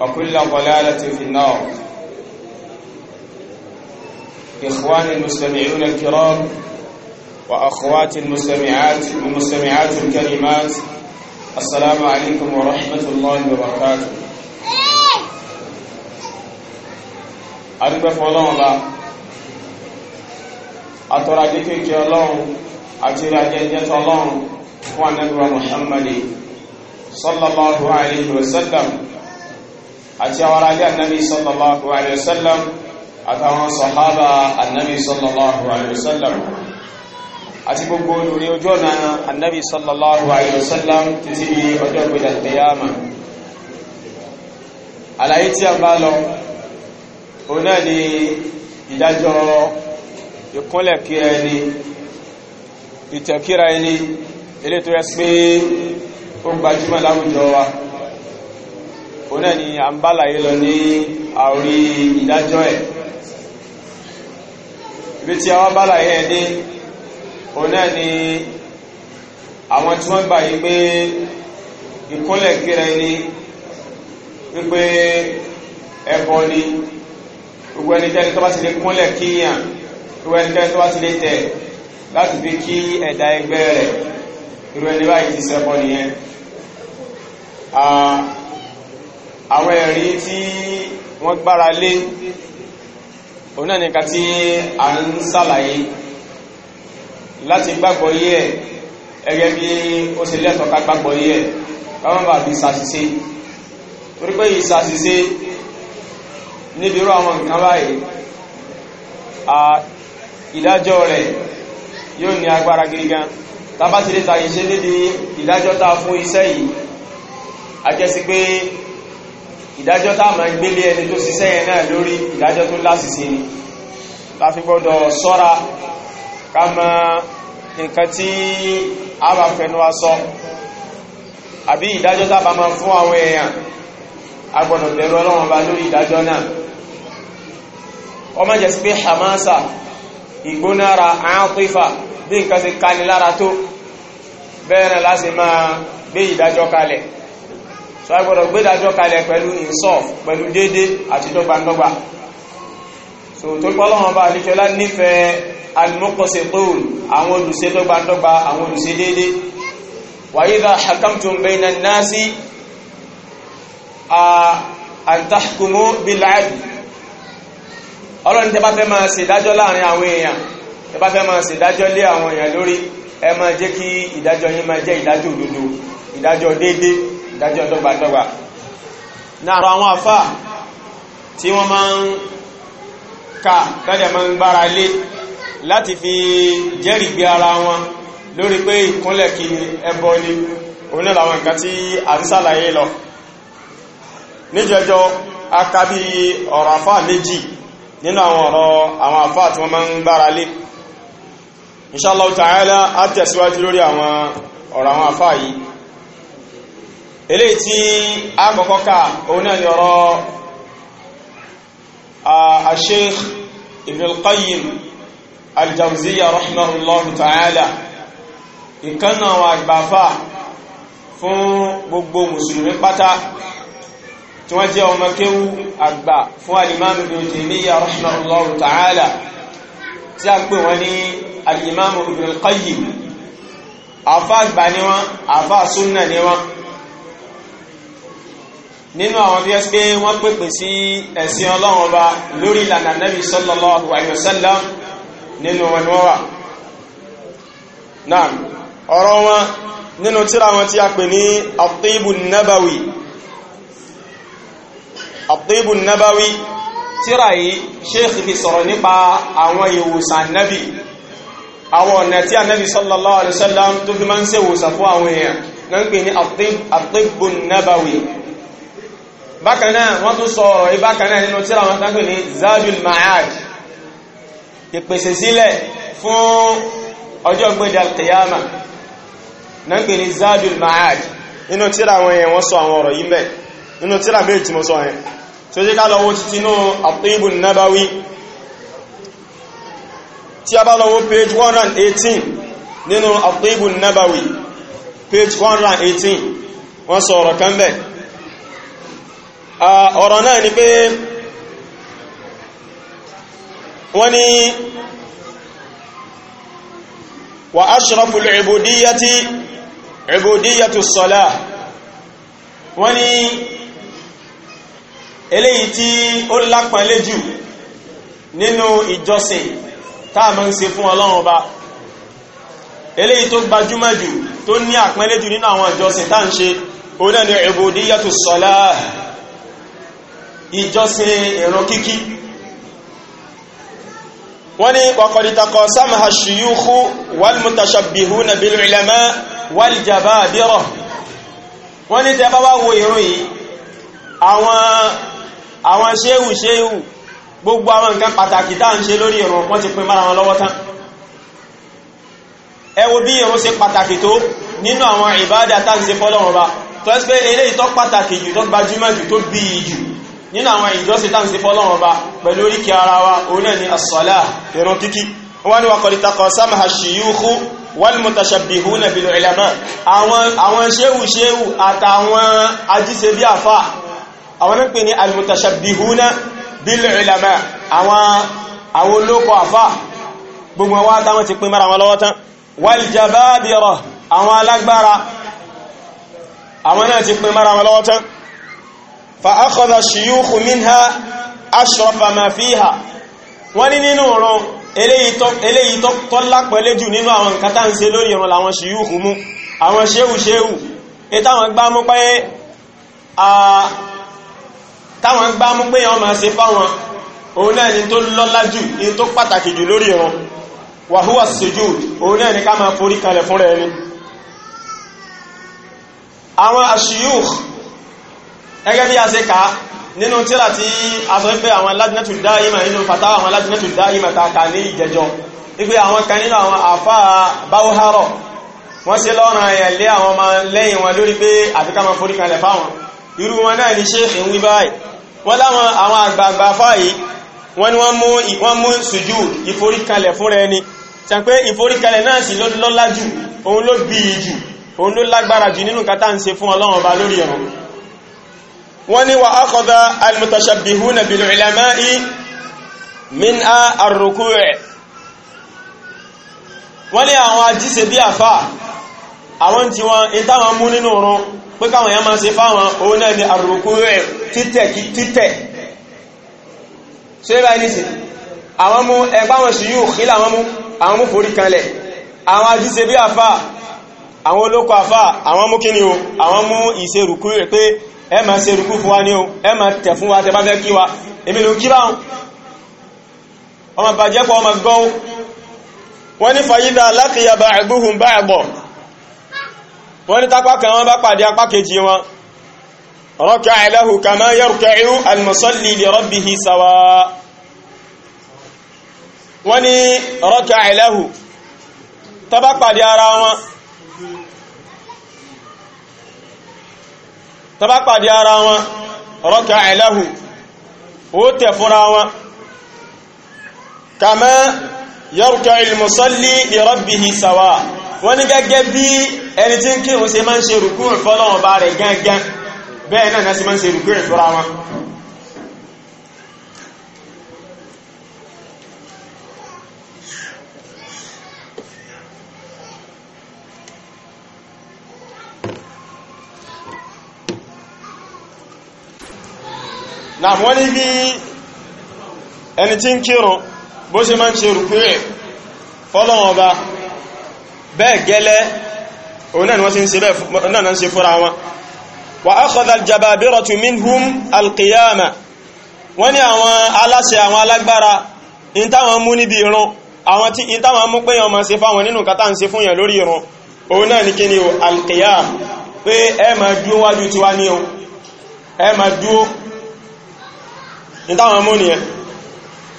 وكل ضلالة في النار إخواني المستمعون الكرام وأخواتي المستمعات المستمعات الكريمات السلام عليكم ورحمة الله وبركاته adúgbẹ́ fún ọlọ́run bá àtọ́rà dékèké ọlọ́run àti ìrìnàjẹ́jẹ́ tọ́lọ́run fún ànẹ́gbà Muhammadi sallallahu alayhi wa sallam àti àwọn aráyé annabi sallallahu alayhi wa sallam àtàwọn sọ̀hábà annabi sallallahu alayhi wa sallam àti gbogbo olùrí ojú ọ̀nà annabi sallallahu alayhi wa sallam títí di ọjọ́ ìgbèdà tẹ̀yàmà àlàyé tí a bá lọ òun náà ni ìdájọ́ ìkúnlẹ̀ kí ẹni ìtẹ̀kíra ẹni ilé tó yẹ pé ó gbajúmọ̀ láwùjọ wa òun náà ni a ń bálàyé lọ ní àorí ìdájọ́ ẹ̀ ibi tí a wá bálàyé ẹ̀ dé òun náà ni àwọn tí wọ́n gbà yí pé ìkúnlẹ̀ kíra ẹni wípé ẹbọ ni gbogbo ẹnikẹ́ni tó bá ti lè kúnlẹ̀ kíyàn gbogbo ẹnikẹ́ni tó bá ti lè tẹ̀ láti fi kí ẹ̀dá ẹgbẹ́ rẹ̀ irú ẹni báyìí ti ṣẹbọ nìyẹn àwọn ẹ̀rí tí wọ́n gbára lé òun náà nìkan tí a ń sàlàyé láti gbàgbọ́ yí ẹ̀ ẹgẹ́ bí ó ṣe lẹ́tọ̀ọ́ ká gbàgbọ́ yí ẹ̀ káwọn bá fi ṣàṣìṣe torí pé ìṣàṣìṣe níbi irú àwọn nǹkan báyìí ìdájọ́ rẹ̀ yóò ní agbára gidi gan tàbátìlẹ́ta níbi ìdájọ́ ta fún iṣẹ́ yìí a jẹ́ sí pé ìdájọ́ tá ma gbélé ẹni tó ṣiṣẹ́ yẹn náà lórí ìdájọ́ tó lásìsẹ́ ni láfi gbọ́dọ̀ ṣọ́ra ká mọ nǹkan tí a bá fẹnu wa sọ àbí ìdájọ́ tá bá ma fún àwọn èèyàn a gbọ́dọ̀ bẹ̀rù Ọlọ́run bá lórí ìdájọ́ náà ọmọ jẹ́ sí pé hamasa ìgbónára àátífà bí nǹkan ti kanilára tó bẹ́ẹ̀rẹ̀ láti máa gbé ìdájọ́ kalẹ̀ so a gbọ́dọ̀ gbé dájọ́ kalẹ̀ pẹ̀lú insaf pẹ̀lú dédé àti dọ́gbandọ́gba so tó pọ́ lọ́wọ́n bá alikẹ́lá nífẹ̀ẹ́ alimọ́kọ̀ọ́sẹ̀ tóòlù àwọn olùṣe dọ́gbandọ́gba àwọn olùṣe dédé wa idha hakamtum bayna an-nasi an tahkumu bil-'adl ọlọ́run tẹ́ bá fẹ́ máa ṣèdájọ́ láàrin àwọn èèyàn tẹ́ bá fẹ́ máa ṣèdájọ́ lé àwọn èèyàn lórí ẹ máa jẹ́ kí ìdájọ́ yín máa jẹ́ ìdájọ́ òdodo ìdájọ́ déédéé ìdájọ́ dọ́gbàdọ́gbà náà àwọn afá tí wọ́n máa ń ka tọ́jẹ̀ máa ń gbára lé láti fi jẹ́rìí gbé ara wọn lórí pé ìkúnlẹ̀ kí ẹbọ ni òun náà làwọn nǹkan tí a ń sàlàyé lọ níjọjọ́ akábí ọ̀rọ̀ afá méjì nínú àwọn ọ̀rọ̀ àwọn afá tí wọ́n máa ń gbára lé inshallah ta'ala á tẹ̀síwájú lórí àwọn ọ̀rọ̀ àwọn afá yìí eléyìí tí a kọ́kọ́ ká òun náà ni ọ̀rọ̀ Sheikh Ibn al-Qayyim al-Jawziyya rahimahullahu ta'ala ìkànnà àwọn àgbàfà fún gbogbo mùsùlùmí pátá tí wọ́n jẹ́ ọmọ kéwú àgbà fún alìmáàmù Ibn Taymiyyah rahimahullahu ta'ala tí a pè wọ́n ní alìmáàmù Ibn àfá àgbà ni wọ́n àfá súnnà ni wọ́n nínú àwọn tí wọ́n pé wọ́n pèpè sí ẹ̀sìn ọlọ́run ọba lórí ìlànà nẹ́bí sallallahu alaihi wasallam nínú wọn ni wọ́n wà náà ọ̀rọ̀ wọn nínú tírà wọn tí a pè ní àtíbù nábàwí àtíbù nábàwí tírà yìí ṣéèkì fi sọ̀rọ̀ nípa àwọn ìwòsàn nẹ́bí àwọn ọ̀nà tí a nẹ́bí sallallahu alaihi tó fi máa ń ṣe fún àwọn èèyàn náà ń pè ní àtíbù nábàwí bákan náà wọ́n tún sọ ọ̀rọ̀ ìbákan náà nínú tíra wọn tánkù ní zadul ma'ad ìpèsè sílẹ̀ fún ọjọ́ gbẹ́dà kìyàmà náà pè ní zadul ma'ad nínú tíra wọn yẹn wọ́n sọ àwọn ọ̀rọ̀ yìí bẹ̀ nínú tíra méjì tí mo sọ yẹn tó jẹ́ ká lọ wo títí nínú àtìbùn nábáwí tí a bá lọ wo page 118 nínú àtìbùn nábáwí page 118 wọ́n sọ ọ̀rọ̀ kan bẹ́ẹ̀ ọ̀rọ̀ náà ni pé wọ́n ni wa ashraful ìbòdíyàtí ìbòdíyàtù sọ́lá wọ́n ni eléyìí tí ó lápàálé jù nínú ìjọsìn táà máa ń ṣe fún ọlọ́run ba eléyìí tó gbajúmọ̀ jù tó ní àpẹẹlẹ́jù nínú àwọn ìjọsìn táà ń ṣe ó náà ni ìbòdíyàtù sọ́lá ìjọsìn ìrun kíkí wọ́n ní wàkọ̀dìtakọ̀ sáàmà ṣíyúkú wàlmùtàṣàbìhú na bílù ìlàmá wàlìjàbá àdírọ̀ wọ́n ní tẹ́bá bá wo ìrun yìí àwọn ṣéhù ṣéhù gbogbo àwọn nǹkan pàtàkì tá ń ṣe lórí ìrun wọ́n ti pín mara wọn lọ́wọ́ tán ẹ wo bí ìrun ṣe pàtàkì tó nínú àwọn ìbádà tá ń ṣe fọ́lọ́run ba tó ẹ́sì pé eléyìí tó pàtàkì jù nínú àwọn ìjọsìn tá ń ṣe fọ́lọ́run ọba pẹ̀lú oríkì ara wa òun náà ni asọ́lá ìrun kíkí wọ́n ní wọ́kọ̀ ìtakọ̀ sáàmà ṣíyúkú wal mutashabbihuna bil ulama àwọn ṣéhù ṣéhù àtàwọn ajíṣẹ́ bí àfà àwọn ń pè ní al mutashabbihuna bil ulama àwọn náà ti pín mara wọn lọ́wọ́ tán فأخذ الشيوخ منها أشرف ما فيها wọ́n ní nínú ọ̀rọ̀ eléyìí tó lápẹ̀lẹ́ jù nínú àwọn nǹkan tá ń ṣe lórí ìrun làwọn ṣíyúkù mú àwọn ṣéhù ṣéhù ìtàwọn gbá mú pé táwọn gbá mú pé wọ́n máa ṣe fáwọn òun náà ni tó lọ́lá jù ní tó pàtàkì jù lórí ìrun wàhúwà sujud òun náà ni ká máa forí kalẹ̀ fúnra ẹni àwọn ṣíyúkù gẹ́gẹ́ bí a ṣe ká nínú tíra tí a sọ pé àwọn Lajnatu Daima nínú fatawa àwọn Lajnatu Daima ta kà ní ìjẹjọ wípé àwọn kan nínú àwọn àfá báwọ́hárọ̀ wọ́n ṣe lọ́rùn ayẹ̀ lé àwọn ọmọ lẹ́yìn wọn lórí pé àfikà máa forí kalẹ̀ fáwọn irú wọn náà ní ṣe ń wí báyìí wọ́n láwọn àwọn àgbààgbà fáyìí wọ́n ni wọ́n mú sùjú ìforíkalẹ̀ fún wọ́n ní wà ákọ̀dá almutashabihuna bil ulama'i min a arùkú rẹ̀ wọ́n ní àwọn ajíse bí àfà àwọn tí wọ́n ìtàwọn mú nínú oorun pé káwọn ya máa ṣe fáwọn òun náà ni arùkú rẹ̀ títẹ̀ kí títẹ̀ ṣe bá ní sí àwọn mú ẹgbá sí yóò kílà àwọn mú àwọn mú forí kanlẹ̀ àwọn ajíse bí àfà àwọn olóko àfà àwọn mú kíni o àwọn mú ìṣerùkú rẹ̀ pé ẹ máa ṣe rúkú fún wa ní o ẹ máa tẹ̀ fún wa tẹ bá fẹ́ kí wa èmi ló kí báhùn ọmọ bàjẹ́ pọ̀ ọmọ gbọ́n wọ́n ní fàyídà lákìyà bá bá ẹgbọ̀ wọ́n ní tápá kan wọ́n bá pàdé apá kejì wọn rọ́kà ẹlẹ́hù kàmá yarka'u tàbá pàdé ara wọn rọ́kà àìlẹ́hù ó tẹ̀ fúnra wọn kàmẹ́ yọ́rùkà ìlmùsọ́lì ìrọ́bìhì sàwà wọ́n ní gẹ́gẹ́ bí ẹni tí ń kírun ṣe máa ń ṣe rùkú ìfọ́lọ́wọ̀n bá rẹ̀ gángan bẹ́ẹ̀ náà sí máa ń ṣe rùkú ìfúra wọn na wọ́n ní bí ẹni tí ń kírun bó ṣe máa ń ṣe rùkú rẹ̀ fọ́lọ́wọ́n ọba bẹ́ẹ̀ gẹ́lẹ́ òun náà wọ́n ṣe náà ṣe fúnra wọn wa akhadha al-jababiratu minhum al-qiyama wọ́n ní àwọn aláṣẹ àwọn alágbára in táwọn mú níbi ìrun àwọn tí in táwọn mú pé yàn máa ṣe fáwọn nínú kátà ń ṣe fún yàn lórí ìrun òun náà ní kí ni o al pé ẹ máa dúó wájú tiwa ní o ẹ máa dúó nítàwọn mú nìyẹn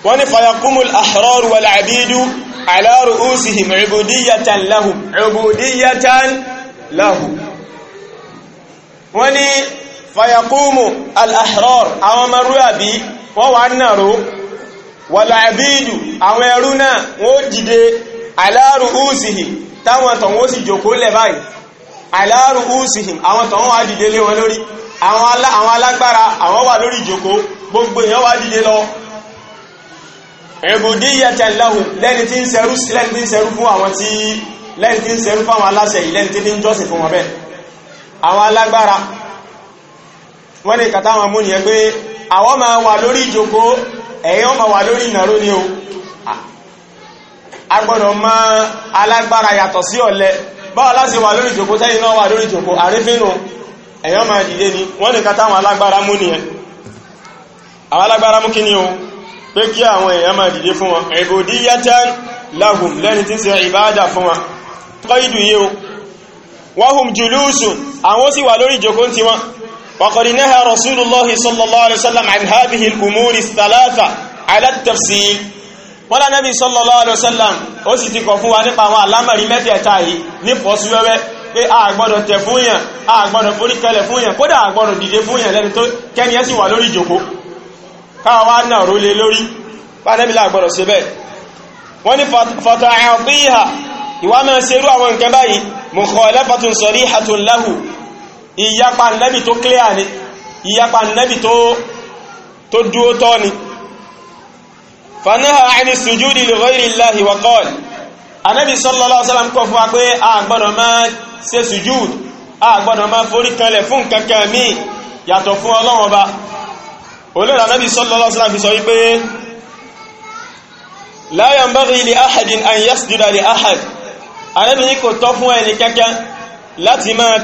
wọ́n ní fayakumul ahrar wal abidu ala ru'usihim ubudiyatan lahu ubudiyatan lahu wọ́n ní fayakumu al ahrar àwọn marú àbí wọ́n wà nàró wal abidu àwọn ẹrú náà àwọn alágbára àwọn wà lórí ìjòkó gbogbo èèyàn wá dìde lọ ẹ̀bùdí yẹtẹ̀ lẹ́hùn lẹ́ni tí ń fún àwọn tí lẹ́ni tí ń fún àwọn aláṣẹ yìí lẹ́ni tí fún wọn bẹ́ẹ̀ àwọn alágbára wọ́n ní kàtà àwọn amúnìyẹ pé máa wà lórí ìjòkó máa wà lórí o agbọ́dọ̀ mọ̀ alágbára yàtọ̀ sí ọ̀lẹ báwọn aláṣẹ wà lórí ìjòkó náà wà lórí ìjòkó máa dìde ni wọ́n ní kàtà àwọn alágbára mú kí ni o pé kí àwọn èèyàn máa dìde fún wọn ibudiyatan lahum lẹ́ni tí ń ṣe ìbáadà fún wọn kọ́ ìdù yíò wahum julusun àwọn ó sì wà lórí ìjókòó ti wọn waqad pé a tẹ̀ fún yàn a gbọ́dọ̀ foríkẹlẹ̀ fún yàn kódà a dìde fún yàn lẹ́ni tó kẹ́ni ẹ́ sì wà lórí ìjókòó káwàwà náà rólé lórí pánẹ́bílá gbọ́dọ̀ ṣe bẹ́ẹ̀ wọ́n ní fọ̀tọ̀ àyànfíhà ìwà máa ṣe irú àwọn nǹkan báyìí mukhalafatun sarihatun lahu ìyapa nẹ́bì tó clear ni ìyapa nẹ́bì tó dúó tọ́ ni fanaha ani sujudi li ghayri olóòrà náà bí sallallahu alaihi wasallam fi sọ wípé la yanbaghi li ahadin an yasjuda li ahad àrẹ́bì ní kò tọ́ fún ẹni kankan láti máa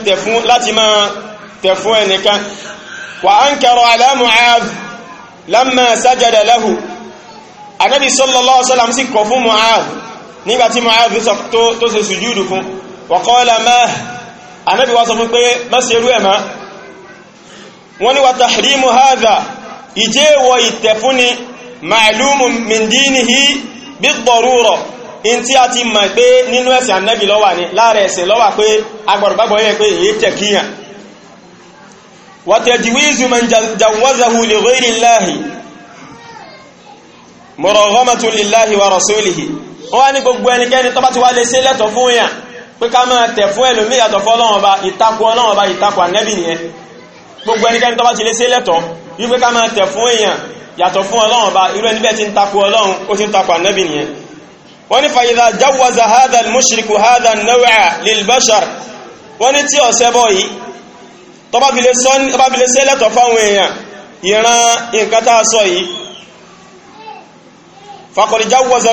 tẹ̀ fún ẹni kan wa ankara ala Mu'adh lamma sajada lahu àrẹ́bì sallallahu alaihi wasallam sì kọ̀ fún Mu'adh nígbàtí Mu'adh tó ṣe sùjúdù fún wa qala ma àrẹ́bì wá sọ fún pé mẹ́sẹ̀rú ẹ̀má wọ́n ni wa tahrimu hadha ìjẹ́ ìwọ̀ ìtẹ̀fúnni ma'lumun min dinihi bid-darura in tí a ti mọ̀ pé nínú ẹ̀sìn Ànábì lọ́wà ní láàrẹ ẹ̀sìn lọ́wà pé agbọ̀rọ̀gbàgbọ̀ yẹ pé èyí tẹ̀kíyàn wa tajwizu man jawwazahu li ghayri Allahi muraghamatu lillahi wa rasulihi ó wá ní gbogbo ẹnikẹ́ni tó bá ti wá lè tẹ̀ fún ẹlòmíyàtọ̀ fọ́ Ọlọ́run Ọba gbogbo ẹnikẹ́ni tó bá ti lè ṣe lẹ́tọ̀ wípé ká máa tẹ̀ fún èèyàn yàtọ̀ fún ọlọ́run bá irú ẹni bẹ́ẹ̀ ti ń takò ọlọ́run ó ti ń takò ànábì nìyẹn wọ́n ní fàyídà jáwọ́za hadha al-mushriku hadha an-naw'a lil-bashar wọ́n ní tí ọ̀sẹ́ bọ́ yìí tọ́bá fi lè sẹ́lẹ̀tọ̀ fáwọn èèyàn ìran nǹkan tá a sọ yìí faqad jáwọ́za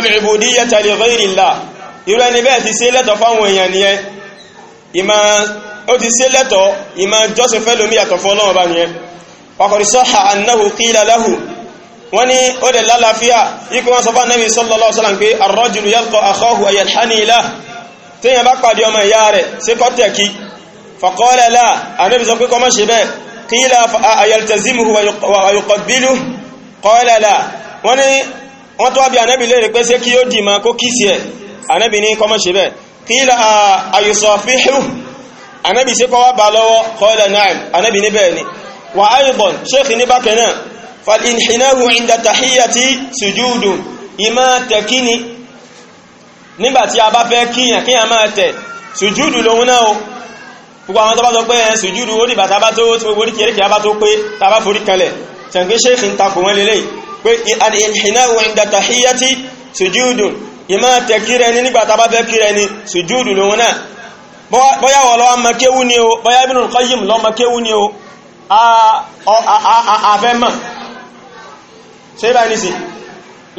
faqad sahha annahu qila lahu wọ́n ní ó dẹ̀ lálàáfíà ikú wọn sọ fún anábì sallallahu alaihi wasallam pé ar-rajulu yalqa akhahu ayalhani ilah téèyàn bá pàdé ọmọ ìyá rẹ̀ sí kọ́tẹ̀ ṣe bẹ́ẹ̀ qila ayaltazimuhu wa yuqabbiluhu sí kí bá lọ́wọ́ qala na'am anábì ní bẹ́ẹ̀ ni wà áyùbọ̀n ṣéèkì ní bákan náà fàdínhìnáhù ìndà tàhíyà tí sùjúdù ìmá tẹ̀kíni nígbàtí a bá fẹ́ kíyàn kíyàn máa tẹ̀ sùjúdù lòun náà o gbogbo àwọn tó bá sọ pé ẹ̀ sùjúdù ó dìbà tàbá tó orí kìí kìí bá tó pé tàbá forí kalẹ̀ tẹ̀kí ṣéèkì ń takò wọn lélẹ̀ pé àdínhìnáhù ìndà ni nígbàtí àfẹ́mọ̀ ṣe bá ní sí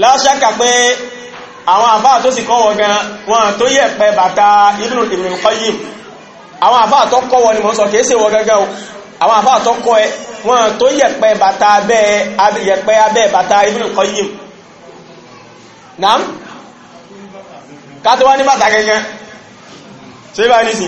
láṣákà pé àwọn àfáà tó sì kọ́ wọ gan wọn tó yẹ pẹ bàtà Ibn Ibn Qayyim àwọn àfáà tó kọ́ wọ ni mọ́ sọ kìí ṣe wọ gẹ́gẹ́ o àwọn àfáà tó kọ́ ẹ wọn tó yẹ pẹ bàtà abẹ́ bàtà Ibn Qayyim naam kátó wá ní bàtà gẹ́gẹ́ ṣe bá ní sí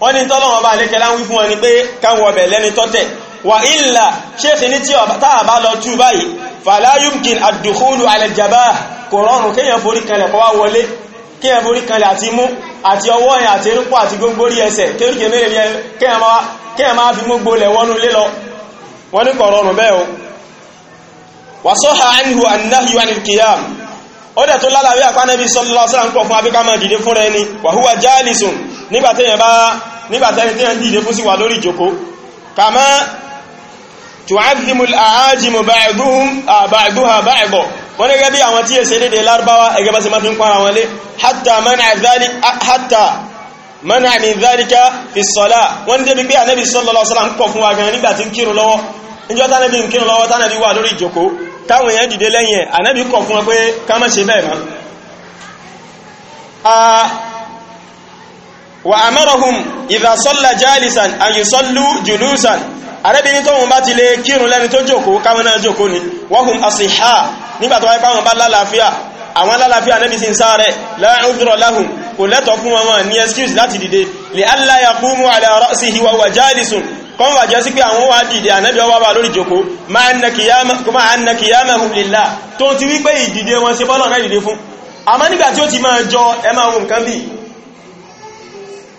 wọ́n ní tọ́lọ́wọ́ bá lékẹ́ láwí fún wọn ni pé káwọn ọbẹ̀ lẹ́ni tọ́tẹ̀ wà ìlà ṣéèkì ní tí tààbá lọ tú báyìí fàláyùmkin àdùkúlù alẹ́jàbá kò rọrùn kéèyàn forí kanlẹ̀ kọ́ wá wọlé kéèyàn forí kanlẹ̀ àti mú àti ọwọ́ yẹn àti erúpọ̀ àti gbóngbórí ẹsẹ̀ kéèyàn máa fi gbogbo lẹ̀ wọnú lé lọ wọ́n ní kò rọrùn bẹ́ẹ̀ o wà anhu annahi wa nìkìyàm ó dẹ̀ tó lálàáwí àpánẹ́bí sallallahu alaihi wasallam ń pọ̀ fún abíkámọ̀ dìde fúnra ẹni wà húwa bá nígbàtẹ́ni tí wọ́n dìde fún sí wà lórí ìjòkó kàmá tu'azzimul a'ajimu ba'duhum ba'duha ba'dha wọ́n gẹ́gẹ́ bí àwọn tí è ṣe dédé lárúbáwá ẹgẹ́ bá ṣe máa fi ń pàrà wọn lé hatta mana min dhalika fi s-salah wọ́n débi pé ànábì sallallahu alaihi wasallam ń pọ̀ fún wa gan nígbà tí ń kírun lọ́wọ́ níjọ́ tánàbí ń kírun lọ́wọ́ tánàbí wà lórí ìjòkó táwọn èèyàn dìde lẹ́yìn ànábì وأمرهم إذا صلى جالسا أن يصلوا جلوسا Ànábì ní tóhun bá ti lè kírun lẹ́ni tó jókòó káwọn náà jókòó ni wahum asihha nígbàtí wáyé pàwọn bá lálàáfíà àwọn lálàáfíà Ànábì sí ń sáré la udra lahum kò lẹ́tọ̀ fún wọn ní excuse láti dìde li alla yaqumu ala ra'sihi wa huwa jalisun kọ́n wà jẹ́ sí pé àwọn wà dìde Ànábì wà wà lórí jókòó ma'a anna qiyamahum lillah tó ti wípé ìdìde wọn sí bọ́lọ̀ rẹ̀ dìde fún àmọ́ nígbà tí ó ti máa jọ ẹ máa wo nǹkan bíi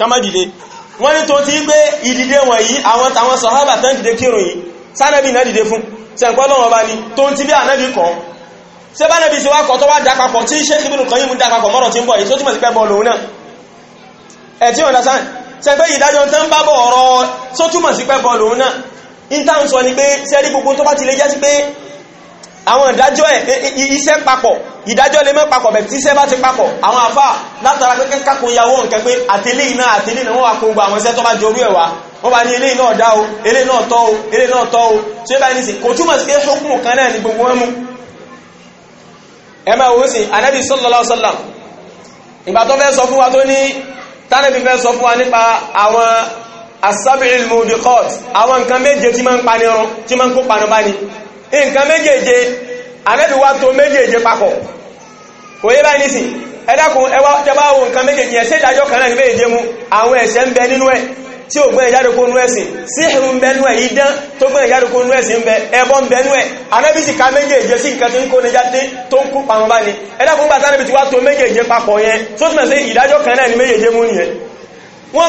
kọmọdìde wọ́n ní tó ti gbé ìdìde wọn yìí àwọn tàwọn sọ̀hábà tán dìde kírun yìí sánẹ́bì náà dìde fún sẹ̀ǹpọ́lọ́wọ́n bá ní tó ti bí ànẹ́bì kan ṣé bá nẹ́bì sí wá kọ́ tó wá dápapọ̀ tí Sheikh Ibn Qayyim dápapọ̀ mọ́rọ̀ tí ń bọ̀ yìí tó túnmọ̀ sí pẹ́ bọ́ lòun náà ẹ̀ tí wọ́n lásán ṣe pé ìdájọ́ tán bá bọ̀ ọ̀rọ̀ tó túnmọ̀ sí pẹ́ bọ́ lòun náà in táwọn sọ ni pé sẹ́rí gbogbo tó bá ti lè jẹ́ sí pé àwọn ìdájọ́ ẹ̀ iṣẹ́ papọ̀ ìdájọ́ lè mọ́ papọ̀ bẹ̀ tí iṣẹ́ bá ti papọ̀ àwọn àfà látara pé kákun ìyàwó nǹkan pé àtẹlé iná àtẹlé náà wọ́n wà kóngbà àwọn iṣẹ́ tó bá jorú ẹ̀ wá wọ́n bá ní eléyìí náà dá o eléyìí náà tọ́ o eléyìí náà tọ́ o tí ó bá ní sí kò túmọ̀ sí pé hukumu kan náà ni gbogbo wọn mú ẹ máa wo sí anábì sallallahu alaihi wasallam ìgbà tó fẹ́ sọ fún wa tó ní tánàbì fẹ́ sọ fún wa nípa àwọn asábìrì mùdíkọ́t àwọn nǹkan méje tí máa ń panirun tí máa ń kó panirun bá ní nǹkan méjèèje ànábì wá tó méjèèje papọ̀ kò yé báyìí nísìn ẹ dákun ẹ wá tẹ́ bá wo nǹkan méjèèje ẹ̀ sí ìdájọ́ kan náà ní méjèèje mú àwọn ẹ̀ṣẹ̀ ń bẹ nínú ẹ̀ tí ó gbọ́n ìjáde kó nú ẹ̀sìn síhìrù ń bẹ nú ẹ̀ idán tó gbọ́n ìjáde kó nú ẹ̀sìn ń bẹ ẹbọ ń bẹ nú ẹ̀ anábì sì ka méjèèje ni wọ́n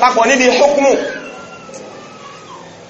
papọ̀ níbi hókùmù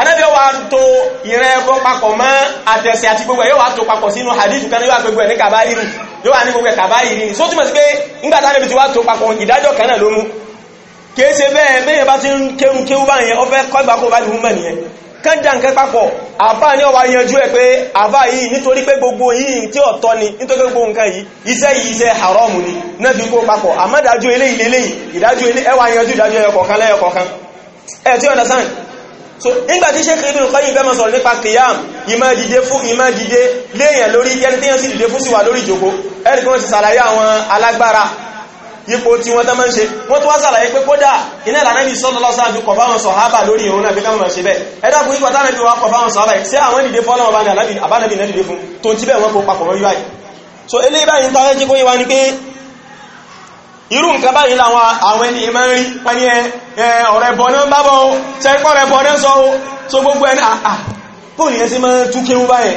anábí ọwà tó ìran ẹbọ papọ̀ mọ́ àtẹ̀sẹ̀ àti gbogbo ẹ̀ yóò wà tó papọ̀ sínú hadith kan yóò wà gbogbo ẹ̀ ní kàbáyìrì yóò wà ní gbogbo ẹ̀ kàbáyìrì ni só túnmọ̀ sí pé ńgbàtà níbi tí wà tó papọ̀ ìdájọ́ kan ló mú kéèsè bẹ́ẹ̀ bẹ́ẹ̀ ti ń kéhun kéhun bá yẹn ọfẹ́ kọ́gbàkó bá lùhún mẹ́ nìyẹn kẹ́jà nǹkan papọ̀ àfà ni ọwà ẹ̀ tí ni kpakọ so nígbàtí ṣe kìí nǹkan yìí fẹ́mọ̀ sọ̀rọ̀ nípa kìyàm ìmá dìde fún ìmá dìde léèyàn lórí ẹni tí yẹn sì dìde fún sí wà lórí ìjòkó ẹni kan sì sàlàyé àwọn alágbára ipò tí wọ́n tán máa ń ṣe wọ́n tó wá sàlàyé pé kódà iná ìlànà ìbí sọ́lọ́ lọ́sàn fi kọ̀ fáwọn sọ̀hábà lórí ìrún náà fi ká mọ̀ ṣe bẹ́ẹ̀ ẹ̀dàkùn ipò tánà bí wọ́n kọ̀ fáwọn sọ̀hábà sí àwọn ìdìde fọ́lọ́ ọba ní àbánàbí náà dìde fún tó ti bẹ́ẹ̀ wọ́n kó papọ̀ mọ́ yíwáyìí so eléyìí báyìí ń tọ́rẹ́ jí kó yíwá ni pé irú nǹkan báyìí láwọn àwọn ẹni ìmọ̀ rí pẹni ọ̀rẹ́bọ̀ náà bábọ̀ o tẹ́kọ́ rẹ̀bọ̀ náà sọ o tó gbogbo ẹni àà ah, ah, bóòlù yẹn sí mọ́ túnkéwú báyẹ̀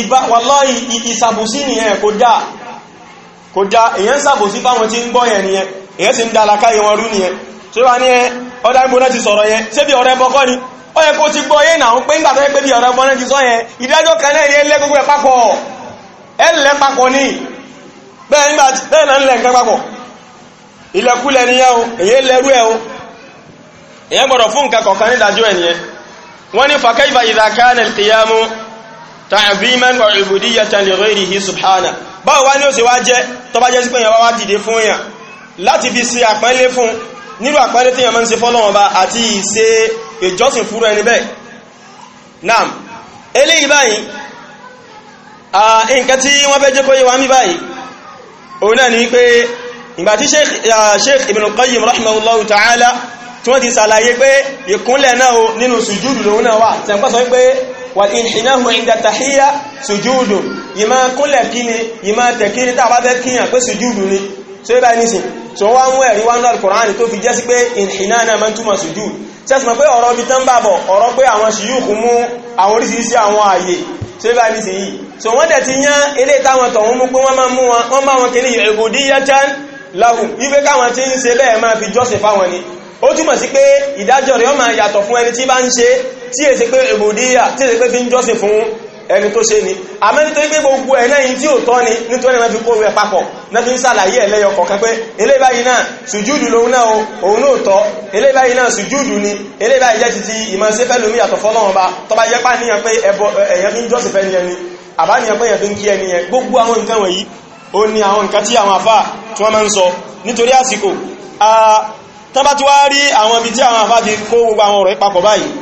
ìbá wallahi ìsàbòsí nìyẹn kò dá kò dá èyàn sàbòsí fáwọn tí ń gbọ́ yẹn nìyẹn èyàn sì ń dá alákáyẹ wọn rú nìyẹn tó wà ní ọdá ìgbóná ti sọ̀rọ̀ yẹn ṣé ni ó yẹ kó ti gbọ́ ni bẹ́ẹ̀ nígbà tí bẹ́ẹ̀ náà ń lẹ̀ nǹkan papọ̀ ìlẹ̀kulẹ̀ nìyẹn o èyí lẹ́rú ẹ̀ o èyí gbọ́dọ̀ fún nǹkan kọ̀ọ̀kan nídàájọ́ ẹ̀ wọ́n ní fàkẹ́yìfà ìdàkánà ìkìyàmú subhana báwo wá ní ó sì wá jẹ́ tó bá jẹ́ sí pé èèyàn bá wá dìde fún èèyàn láti fi ṣe àpọ́nlé fún nínú nam eléyìí báyìí nǹkan tí wọ́n fẹ́ jẹ́ kó yé wa báyìí òun náà ni pé ìgbà tí sheikh ibn qayyim rahimahullahu ta'ala tí wọ́n ti sàlàyé pé ìkúnlẹ̀ náà nínú sùjúdù lòun náà wà tí wọ́n sọ pé wal-inhinahu 'inda tahiyya sùjúdù ìmá kúnlẹ̀ kí ni ìmá tẹ̀kí ní pé sùjúdù ni tó wá mú ẹ̀rí wá nínú Al-Qur'an tó fi jẹ́ sí pé ìhìnáàna máa ń túmọ̀ sujud tẹ́sí mọ̀ pé ọ̀rọ̀ bí tán bàbọ̀ ọ̀rọ̀ pé àwọn ṣìyúkù mú àwọn oríṣiríṣi àwọn ààyè ṣe bá ní sí yìí so wọ́n dẹ̀ ti yán ilé táwọn tọ̀wọ́n mú pé wọ́n máa mú wọn wọ́n máa wọn kìí ubudiyatan lahum wípé káwọn tí ń ṣe bẹ́ẹ̀ máa fi jọ́sìn fáwọn ni ó túmọ̀ sí ẹni tó ṣe ni àmẹ́ni tó gbé gbogbo ẹ̀lẹ́yìn tí ò tọ́ ni nítorí ẹ̀nà fi kó rẹ̀ papọ̀ náà fi ń sàlàyé ẹ̀lẹ́yọ kọ̀ọ̀kan pé eléyìí náà sùjúdù lòun náà òun náà tọ́ eléyìí náà sùjúdù ni eléyìí jẹ́ titi ìmọ̀ sí fẹ́lú mi àtọ̀fọ́ lọ́wọ́n bá tọ́ba jẹ́ fẹ́ ni àbá níyàn pé èèyàn fi ń kí ẹni yẹn gbogbo àwọn nǹkan wọ̀nyí ó ní àwọn nǹkan tí àwọn àfáà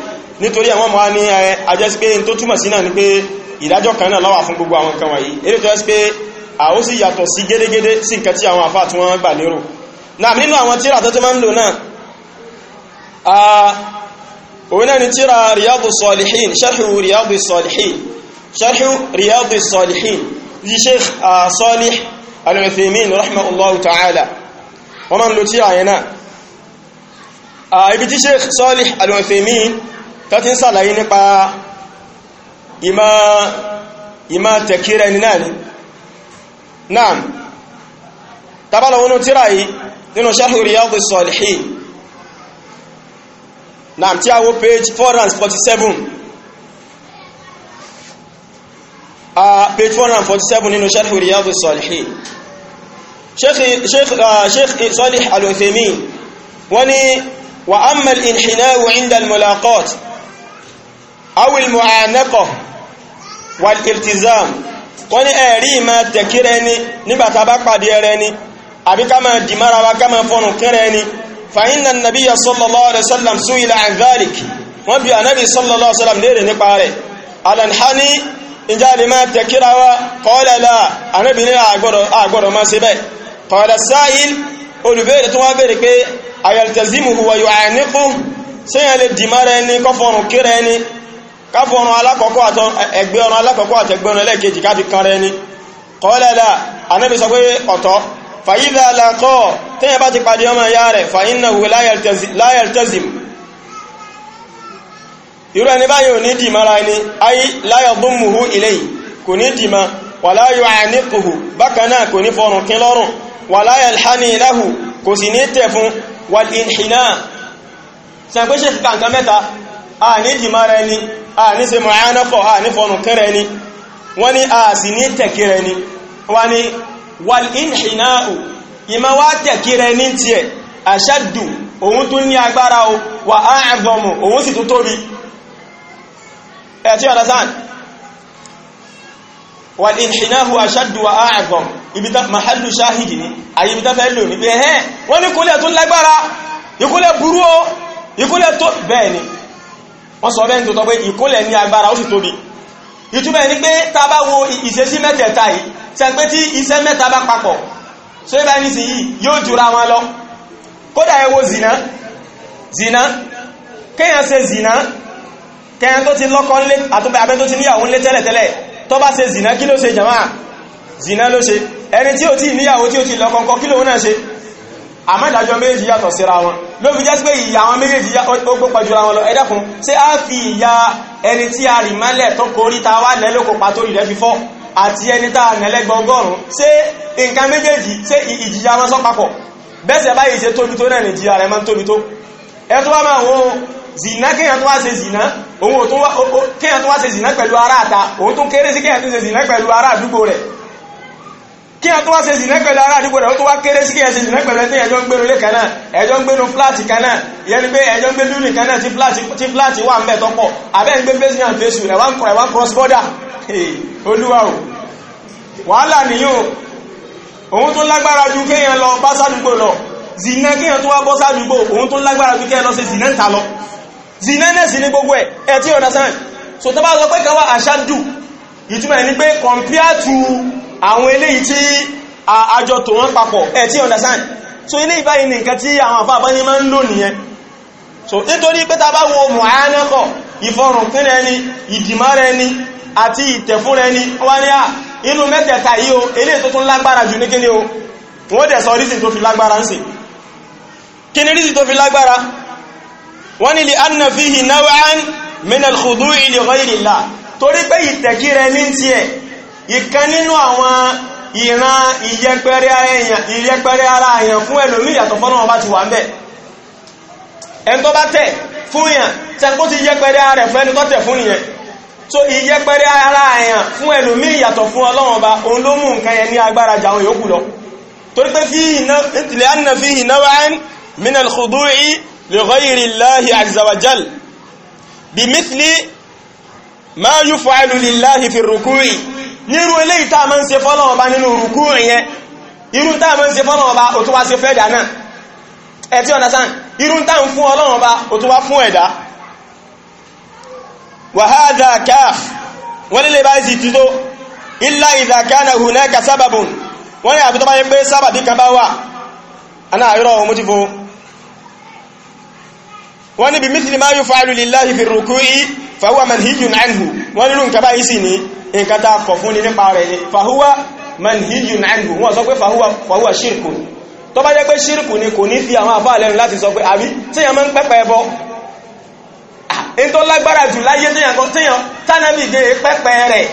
tí nítorí àwọn ọmọ ní ẹ ajẹ́sí pé tó túmọ̀ sí náà ni pé ìdájọ́ kan náà láwà fún gbogbo àwọn nǹkan wọ̀nyí eré tó yẹ sí pé àwọn sì yàtọ̀ sí gédégédé sí nǹkan tí àwọn àfáà tí wọ́n gbà lérò náà nínú àwọn tíra tó tó máa ń lò náà òun náà ni tíra riyadu salihin ibi tí sheikh salih al-uthaymin tó ti ń sàlàyé nípa ìmá ìmá tẹ̀kírẹ ẹni náà ni náà tàbálọ̀ wọnú tíra yìí nínú Sharh Riyadh as-Salihin náà tí a wó page 447 a page 447 nínú Sharh Riyadh as-Salihin sheikh wọ́n ni wa amma al 'inda al-mulaqat awil mu'anaqah wal iltizam wọ́n ní ẹ̀rí ìmọ̀ tẹ̀kírẹ ni nígbàtà bá pàdé ẹrẹ ni àbí ká máa dìmára wa ká máa fọnù kẹrẹ ni fa inna nabiyya sallallahu alaihi wasallam su'ila an dhalik wọ́n bi ànábì sallallahu alaihi wasallam léèrè nípa rẹ̀ alanhani ìjà lè máa tẹ̀kíra wa qala la ànábì ní àgbọ̀dọ̀ máa ṣe bẹ́ẹ̀ qala sa'il olùbéèrè tó wá béèrè pé ayaltazimuhu wa yu'aniquhu sẹ́yìn lè dìmára ẹni kọ́fọ̀rùn kẹrẹ ẹni káfọ ọ̀run alákọ̀ọ́kọ́ àti ẹgbẹ́ ọ̀run alákọ̀ọ́kọ́ àti ẹgbẹ́ ọ̀run ẹlẹ́ẹ̀kejì káfi kan rẹ ni kọ́lẹ̀lá anábi sọ pé ọ̀tọ̀ fàyíza alákọ́ tẹ́yẹ bá ti pàdé ọmọ ìyá rẹ̀ fàyínà wù láyẹ̀ltẹ́zìm irú ẹni báyìí ò ní dìmá ra ẹni ayé láyọ̀dúnmùhú ilé kò ní dìmá wà láyọ̀ àníkùhù bákan náà kò ní fọrùn kí lọ́rùn wà ẹni a ní ṣe mọ̀ránàfọ̀ a ní fọ́nù kẹrẹ ni wọ́n ní a sì ní tẹ̀kẹrẹ ni wọ́n ní wal-inhina'u ìmá wá tẹ̀kẹrẹ ní ti ẹ̀ ashaddu òun tún ní agbára o wà a'zamu òun sì tún tóbi ẹ̀tí ọ̀dásán wal-inhina'u ashaddu wà a'zamu ibita mahallu shahidi bẹ́ẹ̀ ni wọ́n sọ bẹ́ẹ̀ tó pé ìkólẹ̀ ní agbára ó sì tóbi ìtumẹ̀ ní pé tá bá wo ìṣesí mẹ́tẹ̀ẹ̀ta yìí tẹ́ pé tí iṣẹ́ mẹ́ta bá papọ̀ so ibà ní sí yìí yóò jura wọn lọ kódà ẹ wo zìnà zìnà kéèyàn ṣe zìnà kéèyàn tó ti lọ́kọ́ lé àtúbẹ̀ abẹ́ tó ti níyàwó lé tẹ́lẹ̀tẹ́lẹ̀ tó bá ṣe zìnà kí ló ṣe jàmáà zìnà ló ṣe ẹni tí ó ti níyàwó tí ó ti lọ́kọ́ kí ló náà ṣe àmọ́ ìdájọ́ méjì yàtọ̀ síra wọn ló fi jẹ́ sí pé ìyà àwọn méjèèjì ó pọ̀jùra wọn lọ ẹ dákun a fi ìyà ẹni tí a rì mọ́lẹ̀ tó kórí ta wá lẹ́lókò pàtó rẹ̀ fi fọ́ àti ẹni tá a nẹ̀lẹ́gbẹ̀ ọgọ́rùn-ún ṣé nǹkan méjèèjì ṣé ìjìyà wọn sọ papọ̀ bẹ́sẹ̀ báyìí ṣe tóbi tó náà ní ìjìyà rẹ̀ máa ń tóbi tó ẹ tó wá máa wo zìnà kéèyàn tó wá ṣe zìnà òun ò tó wá ṣe zìnà pẹ̀lú ará àta òun tó kéré sí kéèyàn tó ṣe zìnà kí ẹ tó wá ṣe ìsìnlẹ̀ ara àdúgbò rẹ̀ ó tó wá kéré sí kí ẹ ṣe ìsìnlẹ̀ pẹ̀lú ẹjọ́ ń gbénu ilé kan náà ẹjọ́ ń gbénu fúláàtì kan náà ìyẹn pé ẹjọ́ ń gbé lúnì kan náà tí fúláàtì wà ń bẹ̀ tọ́pọ̀ abẹ́ ń gbé bẹ́sì náà fẹ́sù ẹ̀wọ̀n cross border olúwa o wàhálà nìyó òun tó lágbára ju kéèyàn lọ bá sádùgbò lọ zìnà kéèyàn tó wá bọ́ sádùgbò òun tó lágbára ju kéèyàn lọ ṣe ìtumọ̀ ẹ̀ pé compare to àwọn eléyìí tí àjọ tó wọ́n papọ̀ ẹ̀ tí understand so ilé ìbáyìí ní nǹkan tí àwọn àfáàbá ní máa ń lò nìyẹn so nítorí pé ta bá wo mọ̀hánákọ̀ ìfọrùnkún ẹni ìdìmọ́ra ẹni àti ìtẹ̀fúnra ẹni wá ní à inú mẹ́tẹ̀ẹ̀ta yìí o eléyìí tó tún lágbára jù ní kíní o wọ́n dẹ̀ sọ rísì tó fi lágbára ń sè kíní rísì tó fi lágbára wọ́n ní li anna fihi naw'an min al-khudu'i li ghayri Allah torí pé ìtẹ̀kí rẹ ní tiẹ̀ ìkan nínú àwọn ìran ìyẹpẹrẹ ara èèyàn fún ẹlòmí ìyàtọ̀ fọ́nà ọba ti wà ń bẹ̀ ẹni tó bá tẹ̀ fún èèyàn tẹ́ kó ti yẹpẹrẹ ara rẹ̀ fún ẹni tó tẹ̀ fún ìyẹn so ìyẹpẹrẹ ara èèyàn fún ẹlòmí ìyàtọ̀ fún Ọlọ́run ọba òun ló mú nǹkan yẹn ní agbára jà àwọn yòókù lọ torí pé li'anna fihi naw'an min al-khudu'i li ghayri Allahi azza wa jal bimithli ma yuf'alu lillahi fi ar nírú eléyìí tá a máa ń ṣe fọ́lọ́wọ́ bá nínú rùkú ìyẹn irú tá a máa ń ṣe fọ́lọ́wọ́ bá o tó wá ṣe fẹ́ẹ̀dá náà ẹ ti understand irú tá ń fún Ọlọ́run bá o tó wá fún ẹ̀dá wàhádà káf wọ́n lè bá sì ti tó ilá ìdàkánà hùnẹ́ka sábàbùn wọ́n ni àbútọ́ bá yẹ bí mítìlì máa yóò fa'alu lillahi fi rùkú yìí fàwọ́ manhijun anhu wọ́n nínú nǹkan báyìí ní nǹkan tá a kọ̀ fún ni nípa rẹ̀ ni fàhúwá manhijun anhu wọ́n sọ pé fàhúwá ṣírkù tó bá jẹ́ pé ṣírkù ni kò ní fi àwọn àfáà lẹ́nu láti sọ pé àbí tíyàn mọ́ ń pẹ́pẹ́ ẹbọ ah, in tó lágbára jù láyé tíyàn kan tíyàn tánàbì gbé pẹ́pẹ́ rẹ̀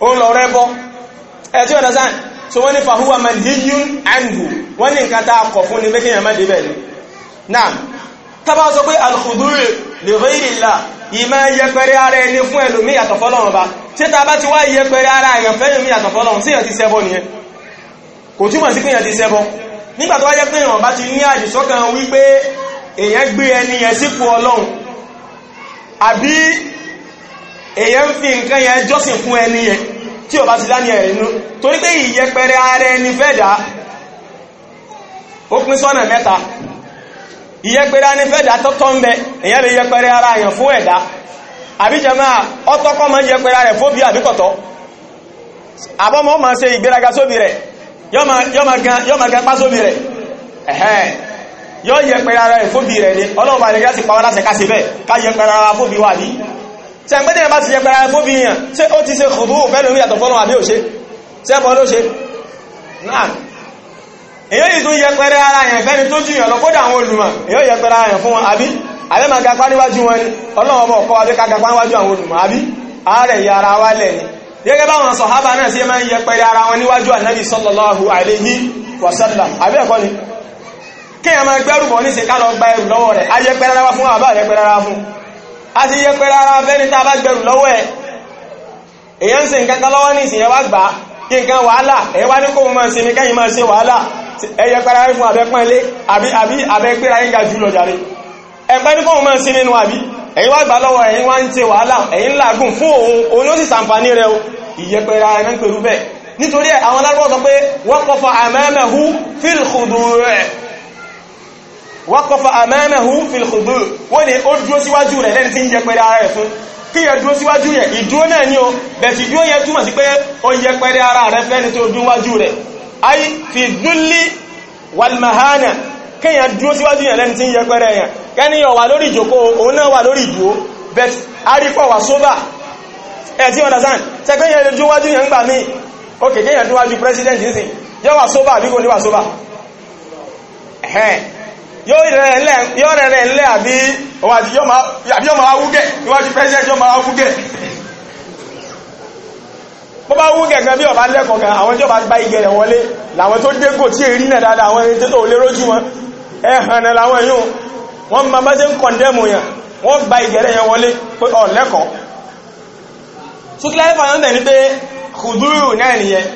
ó lọ rẹ́bọ ẹ̀ tí ọ̀nà sáà so wọ́n ní fàhúwá manhijun anhu wọ́n ní nǹkan tá a kọ̀ fún ni pé kíyàn má débẹ̀ ni náà tábà sọ pé alùkùdúrì lè rí ìlà ìmọ̀ yẹpẹrẹ ara ẹni fún ẹlòmí àtọ̀fọ́lọ́run bá tí ta bá ti wá yẹpẹrẹ ara èèyàn fẹ́lòmí àtọ̀fọ́lọ́run sí èèyàn ti ṣẹbọ nìyẹn kò túmọ̀ sí pé èèyàn ti ṣẹbọ nígbà tó wá jẹ́ pé èèyàn bá ti ní àdìsọ́kàn wípé èèyàn gbé ẹni yẹn sípò ọlọ́run àbí èèyàn fi nǹkan yẹn jọ́sìn fún ẹni yẹn tí ó bá ti dání ẹ̀ inú torí pé ìyẹpẹrẹ ara ẹni fẹ́ dá ó pín sọ́nà mẹ́ta ìyẹ́pẹ̀rẹ́ ní fẹ́dà tọ́tọ́ ń bẹ èyàn lè yẹpẹ̀rẹ́ ara èyàn fún ẹ̀dá àbíjẹ máa ọtọ́kọ́ ma ń yẹpẹ̀rẹ́ rẹ̀ fóbi àbíkọ̀tọ́ àbọ́mọ́ ma ṣe ìgbéraga sóbi rẹ̀ yọ́ ma gan pá sóbi rẹ̀ ẹ̀hẹ́n yọ́ yẹpẹ̀rẹ́ ara rẹ̀ fóbi rẹ̀ ni ọlọ́ọ̀bà rẹ̀ yá sì pa wá láṣẹ ká ṣe bẹ́ẹ̀ ká yẹpẹ̀rẹ́ ara fóbi wà ní tẹ̀gbẹ́dẹ̀ bá ti yẹpẹ̀rẹ́ ara fóbi yàn ṣé ó ti ṣe kùdú fẹ́lómi àtọ̀fọ́nà àbí òṣe ṣẹ́bọ̀ ló ṣe náà èyàn yìí tún yẹpẹrẹ ara yẹn fẹ́ni tó jìyàn lọ kódà àwọn olùmọ̀ èyàn yẹpẹrẹ ara yẹn fún wọn àbí àbẹ́ ma gapá níwájú wọn ni ọlọ́wọ́ ọmọ ọ̀kọ́ wábẹ́ kagapá níwájú àwọn olùmọ̀ àbí ààrẹ ìyà ara wá lẹ̀ ni gẹ́gẹ́ báwọn sọ̀hábà náà sí ma ń yẹpẹrẹ ara wọn níwájú ànábì sallallahu alaihi wasallam àbí ẹ̀kọ́ a a ara fún àbá yẹpẹrẹ ara fún a ti yẹpẹrẹ a ẹyẹ para ẹ̀ fún abẹ́pẹ́ ilé àbí àbí abẹ́gbéra yín ga jùlọ jàre ẹ̀pẹ́ ní fóun máa sí nínú àbí ẹ̀yin wá gbà lọ́wọ́ ẹ̀yin wá ń ṣe wàhálà ẹ̀yin làágùn fún òun òun ló sì sàǹfààní rẹ̀ o ìyẹpẹ̀ra ẹ̀mẹ́ ń pèrú bẹ́ẹ̀ nítorí àwọn lárúbọ̀ sọ pé waqafa amamahu fil khudu' waqafa amamahu fil khudu' wọ́n ni ó dúró síwájú rẹ̀ lẹ́ni tí ń yẹpẹ̀rẹ̀ ara rẹ̀ fún kí yẹ dúró síwájú yẹ ìdúró náà ni o bẹ̀tì dúró yẹ túmọ̀ sí pé ó yẹpẹ̀rẹ̀ ara rẹ̀ fẹ́ni tó dúwájú rẹ̀ ay fi zulli wal mahana kéèyàn dúró síwájú yẹn lẹ́ni tí ń yẹpẹrẹ yẹn kẹ́niyàn wà lórí ìjòkó òun náà wà lórí ìdúró bet arífọ́ wà sóbà ẹ̀ tí wọ́n dásán tẹ́ kéèyàn lè dúwájú yẹn gbà mí ok kéèyàn dúwájú president nísìn yóò wà sóbà àbí kò ní wà sóbà yóò rẹ̀ rẹ̀ ńlẹ̀ àbí yóò máa wúgẹ̀ níwájú president yóò máa wúgẹ̀ bó bá wú gẹ̀gẹ́ bí ọba lẹ́kọ̀ọ́ kan àwọn tí ó bá gba igẹ̀ rẹ̀ wọlé làwọn tó dégò tí èrí náà dáadáa àwọn ẹni tó lè rójú wọn ẹ̀hàn náà làwọn yóò wọ́n ma bá jẹ́ ń kọ̀ndẹ́mù yẹn wọ́n gba igẹ̀ rẹ̀ yẹn wọlé pé ọ̀ lẹ́kọ̀ọ́ sókílẹ̀ fàyọ́ mẹ́ ní pé kùdúrù náà nìyẹn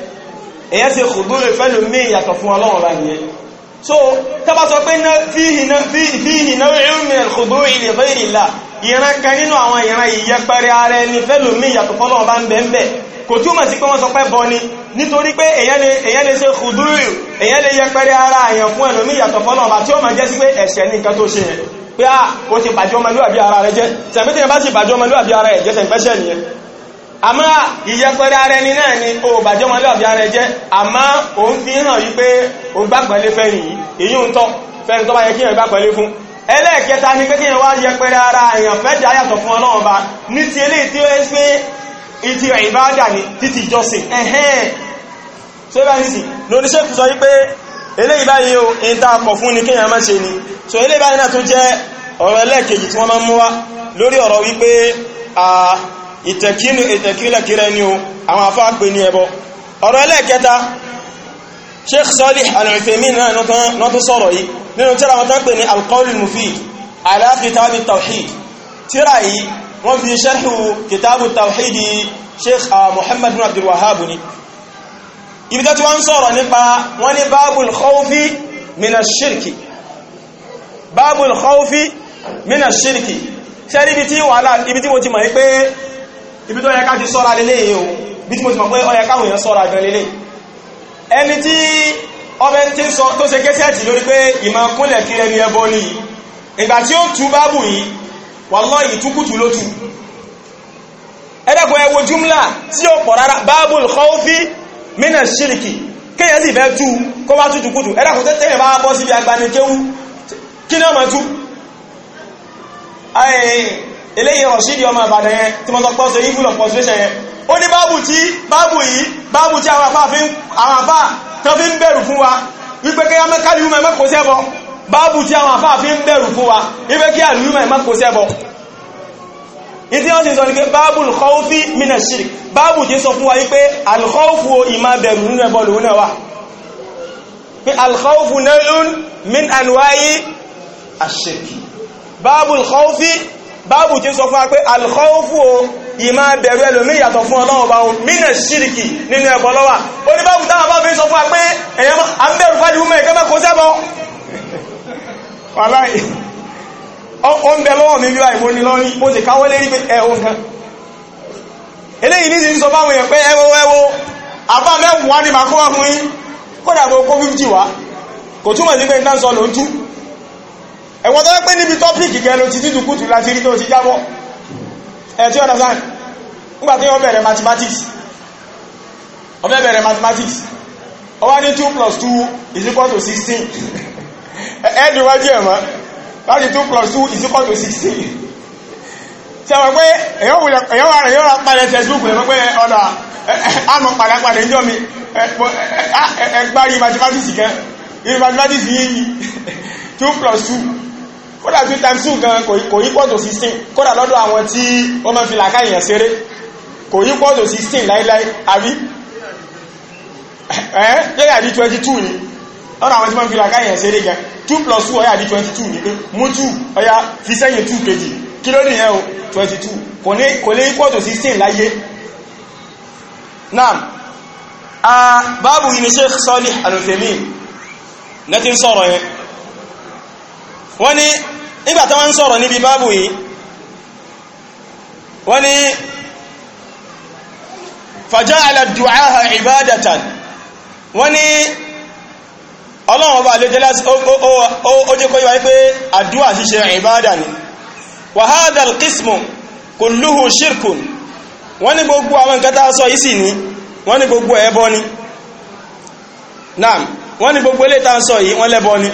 èyẹ́ ti kùdúrù fẹ́lú mí ìyàtọ̀ fún ọlọ́run bá nìyẹn so tọ́bá sọ pé fíhì náà ìrìnmì kùdúrù ilẹ̀ bẹ́ ìlà ìran kan nínú àwọn ìran ìyẹpẹrẹ ara ẹni fẹ́lú mí ìyàtọ̀ fọ́lọ́run bá ń bẹ́ẹ̀ kò túmọ̀ sí pé wọ́n sọ pé bọ ni nítorí pé èyàn lè ṣe kùdúrù èyàn lè yẹpẹrẹ ara àyàn fún ẹlòmí ìyàtọ̀ fọ́nà ọba tí ó máa jẹ́ sí pé ẹ̀ṣẹ̀ ní nǹkan tó ṣe yẹn pé à ah, ó ti bàjẹ́ ọmọlúwàbí ara rẹ̀ jẹ́ tẹ̀mítẹ̀ bá sì bàjẹ́ ọmọlúwàbí ara rẹ̀ jẹ́ tẹ̀mítẹ̀ nìyẹn àmọ́ ìyẹpẹrẹ ara ẹni náà ni o bàjẹ́ ọmọlúwàbí ara rẹ̀ jẹ́ àmọ́ òun fi hàn yí pé o gbàgbọ́lé fẹ́ni yìí èyí ń tọ́ fẹ́ni tó bá yẹ kí èyàn gbàgbọ́lé fún ẹlẹ́ẹ̀kẹta ni pé kí èyàn wá yẹpẹrẹ ara èyàn fẹ́ dá yàtọ̀ fún ọlọ́run ba ní ti eléyìí tí ó ẹ́ pé ìtì rẹ̀ ìbáadà ní títí ìjọsìn ẹ̀hẹ́n so ibá ní sí lórí ṣe kù sọ wípé eléyìí báyìí o in ta kọ̀ fún ní kíyàn má ṣe ni so eléyìí báyìí náà tó jẹ́ ọ̀rọ̀ ẹlẹ́ẹ̀kejì tí wọ́n máa ń mú wá lórí ọ̀rọ̀ wípé ìtẹ̀kílẹ̀kílẹ̀ ni o àwọn afá pè ní ẹbọ ọ̀rọ̀ ẹlẹ́ẹ̀kẹta Sheikh Salih ala kitab at-tawhid tíra yìí wọ́n fi ṣẹ́rù kìtàbù tàwídì sheikh ah, muhammad bin abdul wahhab ni ibi tó ti wọ́n sọ̀rọ̀ nípa wọ́n ní babul khawfi mina shirki babul khawfi mina shirki ṣẹ́rí ibi tí wà láà ibi tí mo ti mọ̀ ní pé ibi tó yẹ ká ti sọ́ra lélẹ̀ yìí o ibi tí mo ti mọ̀ pé ó káwọn èèyàn sọ́ra gan lélẹ̀ ẹni tí ọbẹ̀ tí sọ tó ṣe kẹ́sẹ̀ẹ̀tì lórí pé ìmọ̀ kí ẹni ẹbọ ni ìgbà tí ó tú báàbù yìí wallahi ìtúkùtù ló tú ẹ̀dẹ́kùn ẹwọ jùmlà tí ó pọ̀ rárá babul khawfi mina shiriki kéyàn sì fẹ́ tú kó wá tú tukùtù ẹ̀dẹ́kùn tẹ́yẹ̀ bá bọ́ síbi agbanikéwú kí ní ọmọ tú eléyìí rọ̀ṣídì ọmọ tí of frustration yẹn ó ní báàbù tí báàbù yìí báàbù wa wípé kéyàn báàbù tí àwọn àfáà fi ń bẹ̀rù fún wa ibẹ́ kí àlúmọ̀ ìmá kò sẹ́bọ ìdí wọ́n ti sọ ní pé báàbù al-khawfi mina shirk báàbù tí sọ fún wa wípé al-khawfu ìmá bẹ̀rù nínú ẹbọ lòun náà wà pé al-khawfu naw'un min wa pé al-khawfu ìmá bẹ̀rù ẹlòmí ìyàtọ̀ fún ọlọ́run bá wọn mina shirk nínú ẹbọ lọ́wà ó ní báàbù sọ fún wa pé ẹ̀yẹ́ à ń bẹ̀rù fájú mẹ́ ìkẹ́ wàláì ó ń bẹ lọ́wọ́ mi bíwá ìbò ní lọ́rí mo sì káwọ́ lérí pé ẹ̀wọ̀ nǹkan eléyìí ní sí sọ fáwọn èèyàn pé ẹwọ ẹwọ àbá mẹ́wàá ní màá kó wá fún yín kódà bó kó 50 wá kò túmọ̀ sí pé nǹkan sọ ló ń tú ẹ̀wọ̀n tó pé níbi tọ́pìkì gẹ ló ti kùtù láti rí tó ti jábọ́ ẹ̀ tí ọ̀nà sáà nígbà tó yọ bẹ̀rẹ̀ mathematics 2 ẹ́dìwájú ẹ̀mọ́ láti 2 plus 2 is equal to 16 sẹ́wọ̀n pé èyàn wà rẹ̀ yóò ra padà facebook rẹ̀ pé ọ̀dà àmọ́ padà padà ń jọ mi ẹgbárí mathematics kan irú mathematics yìí 2 plus 2 kódà 2 times 2 gan kò equal to 16 kódà lọ́dọ̀ àwọn tí ó máa fi làákà èèyàn ṣeré kò equal to 16 láíláí àbí ẹ́ yẹ́yà bí 22 ni lọ́nà àwọn tí wọ́n fi làkà yẹn ṣeré gan 2 plus 2 ọ̀yà di 22 ní pé mú 2 ọ̀yà fi sẹ́yìn 2 kejì kí ló nìyẹn o 22 kò lè equal to 16 láyé naam a báàbù yìí ni Sheikh Salih Al-Uthaymeen na ti ń sọ̀rọ̀ yẹn wọ́n ni nígbà tí wọ́n ń sọ̀rọ̀ níbi báàbù yìí wọ́n ni faja'ala ad-du'aha ibadatan wọ́n ni àlékẹ́lá ó jẹ́ kọ́ yíwáyé pé àdúwà ṣíṣe ìbádà ni wa hadha al-qismu kulluhu shirkun wọ́n ní gbogbo àwọn nǹkan tá a sọ yìí sì ní wọ́n ní gbogbo ẹbọ ni naam wọ́n ní gbogbo ilé tá a sọ yìí wọ́n lẹ́bọ ni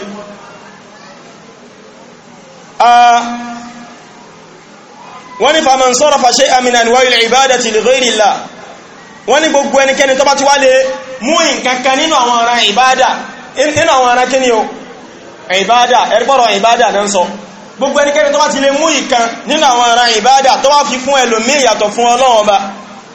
wọ́n ní faman sarafa shay'an min anwa'il ibadati li ghayri llah wọ́n ní gbogbo ẹnikẹ́ni tó bá ti wá lè mú nǹkan kan nínú àwọn ọ̀ràn ìbádà inú àwọn ara kíni o ìbádà ẹ̀rẹ́pọ̀rọ̀ ìbádà náà sọ gbogbo ẹnikẹ́ni tó bá ti lè mú ìkan nínú àwọn ara ìbádà tó wá fi fún ẹlòmí ìyàtọ̀ fún Ọlọ́run Ọba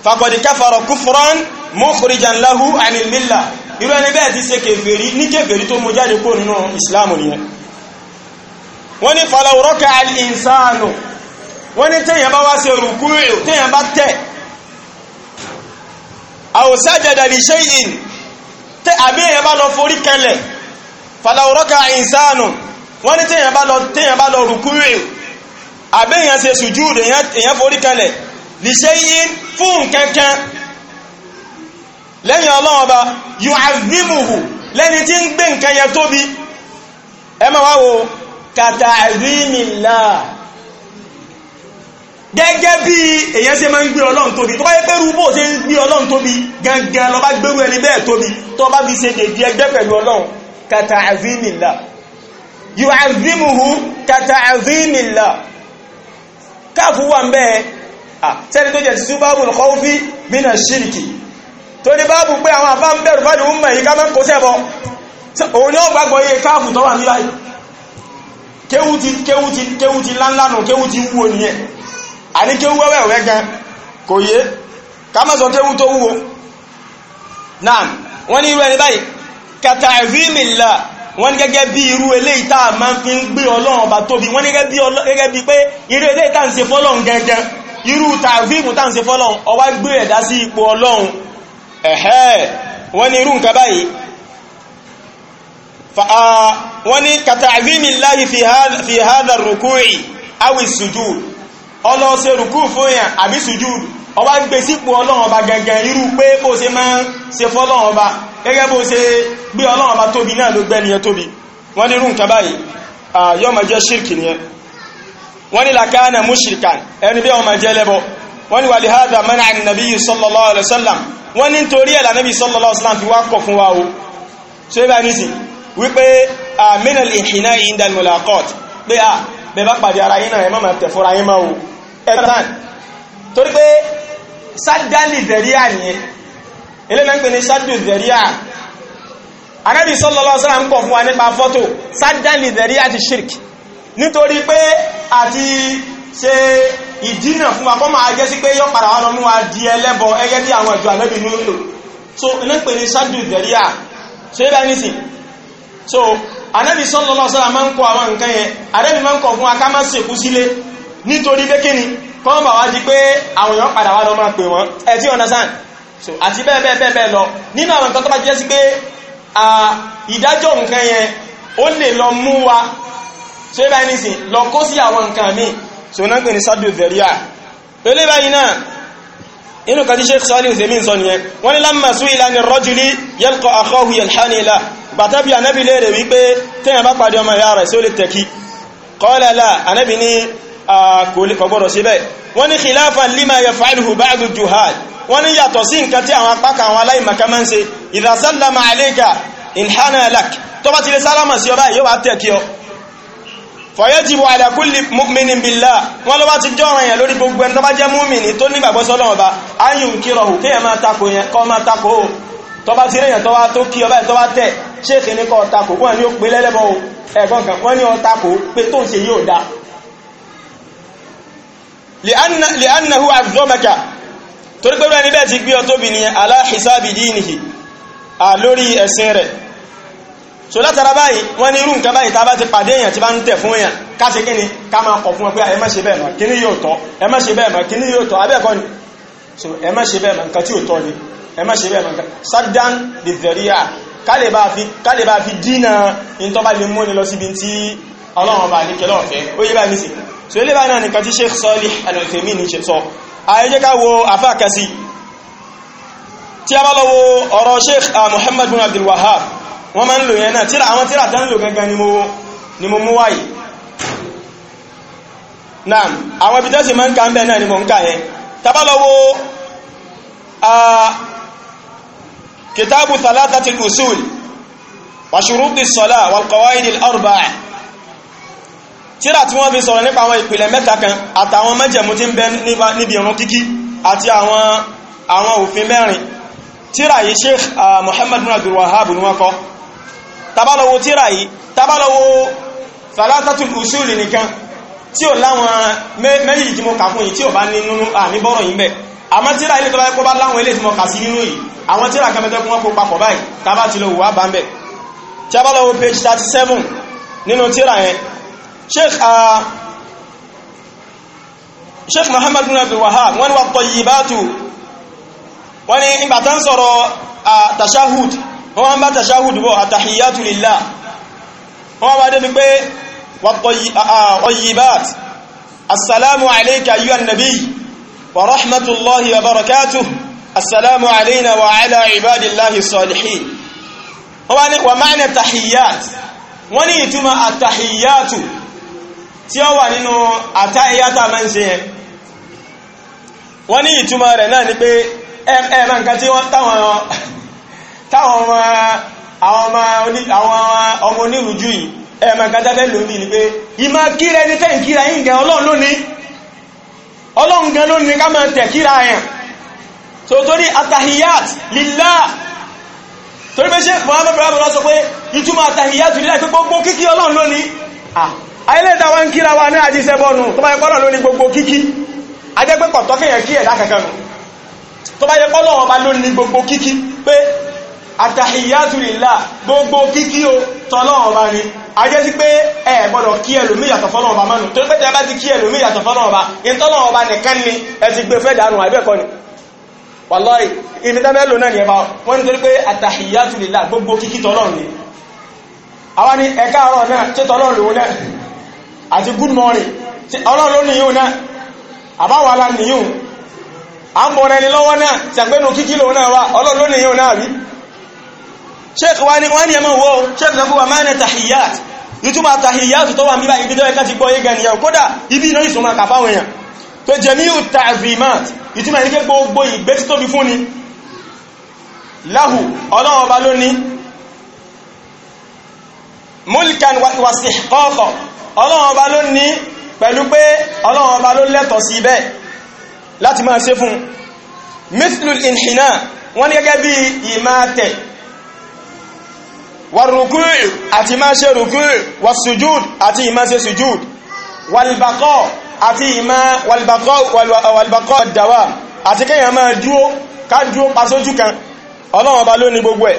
faqad kafara kufran mukhrijan lahu anil millah irú ẹni bẹ́ẹ̀ ti ṣe kèfèrí ní kèfèrí tó mú jáde kó nínú ìsìláàmù tẹ́ àbí èyàn bá lọ forí kẹlẹ̀ fàlàwọ́rọ́kà ìsánù wọ́n ní tẹ́yàn bá lọ rùkúrì àbí èyàn ṣe sùjúdù èyàn forí kẹlẹ̀ lè ṣe yí fún kẹ́kẹ́ lẹ́yìn ọlọ́run ọba yu'azzimuhu lẹ́ni tí ń gbé nǹkan tóbi ẹ máa wá wo kàtà àrímìlá gẹ́gẹ́ bí èyàn ṣe máa ń gbé ọlọ́run tóbi tó bá yẹ pẹ́rú bó ṣe ń gbé ọlọ́run tóbi gangan lọ bá gbérú ẹni bẹ́ẹ̀ tóbi tó bá fi ṣe dèdí ẹgbẹ́ pẹ̀lú ọlọ́run kàtà àzínìlá yóò àzímùhù kàtà àzínìlá káàfù wà ń bẹ́ẹ̀ sẹ́ni tó jẹ́ sí báàbù kọ́wọ́fí bínà ṣírìkì tó ní báàbù pé àwọn àfá ń bẹ̀rù fáàdì ń mọ̀ yìí ká mọ́ kó sẹ́bọ̀ òun ni ó gbàgbọ́ yẹ káàfù tó wà níláyìí kéwú ti kéwú ti kéwú ti láńlánà kéwú ti wúwo nìyẹn àníkéwú wẹ́wẹ́ ọ̀rẹ́ gan kò yé ká má sọ kéwú tó wúwo náà wọ́n ní irú ẹni báyìí kàtà ìfìmìlà wọ́n ní gẹ́gẹ́ bí irú eléyìí tá a máa fi ń gbé ọlọ́run ọba tóbi wọ́n ní gẹ́gẹ́ bí pé irú eléyìí tá à ń ṣe fọ́lọ́run gẹ́gẹ́ irú tàvíìmù tá à ń ṣe fọ́lọ́run ọwá gbé ẹ̀dá sí ipò ọlọ́run ẹ̀hẹ́ wọ́n ní irú nǹkan báyìí wọ́n ní kàtà ìfìmìlà fi hádà rùkúrì awì sùjúù ọlọ́ ṣe rùkú fún yàn àbí sùjúd ọba gbé sípò ọlọ́run ọba gangan irú pé bó ṣe máa ń ṣe fọ́lọ́run ọba gẹ́gẹ́ bó ṣe gbé ọlọ́run ọba tóbi náà ló gbé nìyẹn tóbi wọ́n ní irú nǹkan báyìí yóò máa jẹ́ ṣírkì nìyẹn wọ́n sallallahu alaihi wasallam wọ́n ní torí sallallahu alaihi wasallam fi wá kọ̀ fún wa o ṣé bá ní sí wípé àmìnà lè hìnà ìndàlmùlàkọ́t pé à bẹ́ẹ̀ bá pàdé ara yín náà ẹ̀ má máa ẹ̀tàn torí pé sádàlì dẹ̀ríà nìyẹn eléyìí pé ní sádàlì dẹ̀ríà anábì sallallahu alaihi wasallam ń kọ̀ fún wa nípa fọ́tò sádàlì dẹ̀ríà ti shirk nítorí pé àti ṣe ìdínà fún wa kọ́ máa jẹ́ sí pé yọ́ padà wà lọ mú wa di ẹlẹ́bọ ẹgẹ́ bí àwọn ìjọ anábì ní lò so iná pè ní sádàlì dẹ̀ríà so yẹ́ bá ní sìn so anábì sallallahu alaihi wasallam máa ń kọ àwọn nǹkan yẹn anábì máa ń kọ̀ fún wa ká má ṣèkú sílé nítorí pé kíni kọ́n bà wá di pé àwọn èèyàn padà wá lọ máa pè wọ́n ẹ ti so àti bẹ́ẹ̀ bẹ́ẹ̀ bẹ́ẹ̀ bẹ́ẹ̀ lọ nínú àwọn nǹkan tó bá jẹ́ sí pé ìdájọ́ nǹkan yẹn ó lè lọ mú wa so ẹ báyìí nìsín lọ kó sí àwọn nǹkan míì so náà pè ní sádùn ìfẹ̀ríà pẹ̀lú báyìí náà inú kan tí sheikh sọ́lé ìzèmí sọ nìyẹn wọ́n ní lámà sí ìlànà rọ́júlí yẹ́lkọ̀ àkọ́hù yẹ̀lhánilá bàtà bí anábì lè rẹ̀ wípé tẹ́yàn bá pàdé ọmọ ìyá rẹ̀ sí ó lè tẹ̀kí kọ́lẹ̀lá anábì ní kọgbọ́dọ̀ síbẹ̀ wọ́n ní khilafan lima yaf'aluhu ba'd juhal wọ́n ní yàtọ̀ sí nǹkan tí àwọn apáka àwọn aláìmọ̀ká máa ń ṣe idha sallama alayka inhana lak tó bá ti lè sálámà sí ọba yóò wá tẹ̀ ọ fayajibu ala kulli mu'minin billah wọ́n ló bá ti jọ́ ọ̀ranyàn lórí gbogbo ẹni tó bá jẹ́ múmìnì tó nígbàgbọ́ sọ́lọ́run ọba ayùn kírọ̀hù kéèyàn máa tako yẹn kọ́ máa tako o tó bá ti ríyàn tó wá tó kí ọba ẹ̀ tó wá tẹ̀ ṣéèkì ní kọ́ tako wọ́n ní ó pe lẹ́lẹ́bọ̀ ẹ̀gbọ́n kan wọ́n ní ọ tako pé tó ń ṣe yóò dáa li'annahu azọ́mẹ́ka torí pé rẹ̀ ti gbé ọtóbi ni ala hisabi dinihi a lórí ẹ̀sìn rẹ̀ so látara báyìí wọ́n ní irú nǹkan báyìí tá bá ti pàdé èèyàn tí bá ń tẹ̀ fún èèyàn ká ṣe kíni ká máa kọ̀ fún ọ pé ẹ má ṣe bẹ́ẹ̀ mọ́ kíní yóò tọ́ ẹ má ṣe bẹ́ẹ̀ mọ́ kíní yóò tọ́ abẹ́ẹ̀kọ́ ni so ẹ má bẹ́ẹ̀ mọ́ nǹkan tí ò tọ́ ni ẹ má bẹ́ẹ̀ mọ́ nǹkan sardan bizariya ká lè bá fi dínà in tó bá lè múni lọ síbi tí ọlọ́run bá níkẹ́ lọ́fẹ́ ó yé bá ní sí so ilé bá náà nìkan tí Sheikh Salih Al-Uthaymeen ní ṣe sọ ayẹjẹ́ ká wo àfáàkà sí tí a bá lọ wo ọ̀rọ̀ Sheikh ah, Muhammad bin Abdul Wahhab wọ́n máa ń lò yẹn náà tíra àwọn tíra tán lò gangan ni mo mú wáyé naam àwọn ibi tẹ́sì máa ń ka ń bẹ náà ni mo ń tíra tí wọ́n fi sọ̀rọ̀ nípa àwọn ìpìlẹ̀ mẹ́ta kan àtàwọn mẹ́jẹ̀mú tí ń bẹ níbi ìrun kíkí àti àwọn òfin mẹ́rin tíra yìí sheikh Muhammad bin ni wọ́n kọ tabalawo tíra yìí tabalawo falatatul usul nìkan tí ò láwọn méjì tí mo kà fún yìí tí ò bá ní nínú àníbọ̀rọ̀ yìí bẹ̀ àmọ́ tíra ilé tó bá kó bá láwọn ilé tí mo kà sí nínú yìí àwọn tíra kẹfẹ́tẹ́ kún wọ́n kó papọ̀ báyìí tábà lọ wù bá ń bẹ̀ tabalawo page 37 nínú tíra yẹn sheikh a uh, sheikh muhammad bin abdul wahab wọ́n wà tayyibatu wọ́n ni ìgbà tán sọ̀rọ̀ a uh, tashahud wọ́n wọ́n bá tashahud bọ́ àtàhíyàtù lillah wọ́n wá débi pé wà uh, tayyibat assalamu alayka ayyuhan nabiy wa rahmatullahi wa barakatuh assalamu alayna wa ala ibadillahi salihin wọ́n wá ní wa ma'na tahiyyat wọ́n ní ìtumọ̀ àtàhíyàtù tí ó wà nínú àtáyíyátà máa ń ṣe yẹn wọ́n ní ìtumọ̀ rẹ̀ náà ni pé ẹ̀mà nǹkan tí wọ́n táwọn ọmọ onírùjú yìí ẹ̀mà nǹkan tẹ́fẹ́ lórí ni pé ìmá kíra ẹni tẹ́ ìkíra yìí gẹ ọlọ́run lónìí lónìí ká máa tẹ̀ kíra yẹn so torí atahiyat lillah torí pé ṣe mọ́ ayélẹ́ta wá ń kíra wa náà jí sẹ́bọ́nu tó bá yẹ pọ́lọ̀ lórí gbogbo kíkí ajẹ́gbẹ́ pọ̀tọ́ kéèyàn kí ẹ̀dá kankan nù tó bá yẹ pọ́lọ̀ ọba lórí gbogbo kíkí pé àtàhìyàtù gbogbo kíkí o tọ́lọ̀ ọba ni ajẹ́ sí pé ẹ gbọ́dọ̀ kí ẹlòmí yàtọ̀ fọ́lọ̀ ọba mọ́nu torí pé tẹ́ bá ti kí ẹlòmí yàtọ̀ fọ́lọ̀ ọba ìtọ́lọ̀ ọba ni ẹ ti gbé ni wàlọ́rì ibi tẹ́bẹ́ lò náà ni ẹba wọ́n nítorí pé àtàhìyàtù lillah gbogbo kíkí tọ́lọ̀ ni àwọn ni ẹ̀ka ọ̀rọ̀ náà tí tọ́lọ̀ lòun náà àti good morning tí ọlọ́run ló nìyíò náà àbáwàlá nìyíò a ń bọ̀rẹ̀ ni lọ́wọ́ náà tí àgbẹ́nu kíkí lòun náà wá ọlọ́run ló nìyíò náà rí sheikh wa ni wọ́n ni ẹmọ wo sheikh lọ fún wa máa ní tahiyat ìtumọ̀ tahiyat tó wà ń bíbá ibi tó ẹka ti gbọ́ yé gan yẹn kódà ibi iná ìsúnmọ̀ kàfáwọn èèyàn tó jamiu ta'zimat ìtumọ̀ ní pé gbogbo ìgbésí tóbi fún ni lahu ọlọ́run ọba lónìí mulkan wa istihqaqan ọlọ́run ọba ló ní pẹ̀lú pé ọlọ́run ọba ló lẹ́tọ̀ sí bẹ́ẹ̀ láti máa ṣe fún mithlul inhina wọ́n ní gẹ́gẹ́ bí ìmáàtẹ̀ wà rùkú àti máa ṣe rùkú wà sujúd àti ìmá ṣe sujúd wàlbàkọ́ àti ìmá wàlbàkọ́ dàwà àti kẹ́yàn máa dúó ká dúó pasójú kan ọlọ́run ọba ló ní gbogbo ẹ̀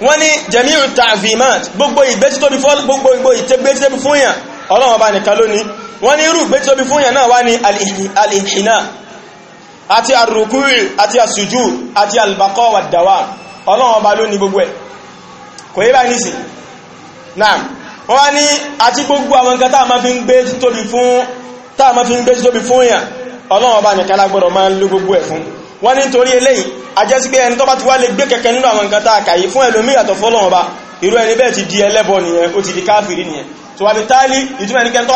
wọ́n ní jamiu ta'zimat gbogbo ìgbésí tóbi fún gbogbo ìgbò ìtẹ́gbésí tóbi fún yàn ọlọ́wọ́n bá nìkan lónìí wọ́n ní irú ìgbésí tóbi fún yàn náà wá ní al-inhina àti ar-ruku' àti as-sujud àti al-baqa wad-dawam ọlọ́wọ́n bá lónìí gbogbo ẹ̀ kò yé báyìí nìsí náà wọ́n ní àti gbogbo àwọn nǹkan tá a máa fi ń gbésí wọ́n ní torí eléyìí ajẹ́sí pé ẹni tó bá ti wá lè gbé kẹ̀kẹ́ nínú àwọn nǹkan tá a kà yìí fún ẹlòmí yàtọ̀ fọ́lọ́wọ́n ba irú ẹni bẹ́ẹ̀ ti di ẹlẹ́bọ nìyẹn ó ti di káfìrí nìyẹn tó wá fi táálí ìtumọ̀ ẹni kẹ́ni tó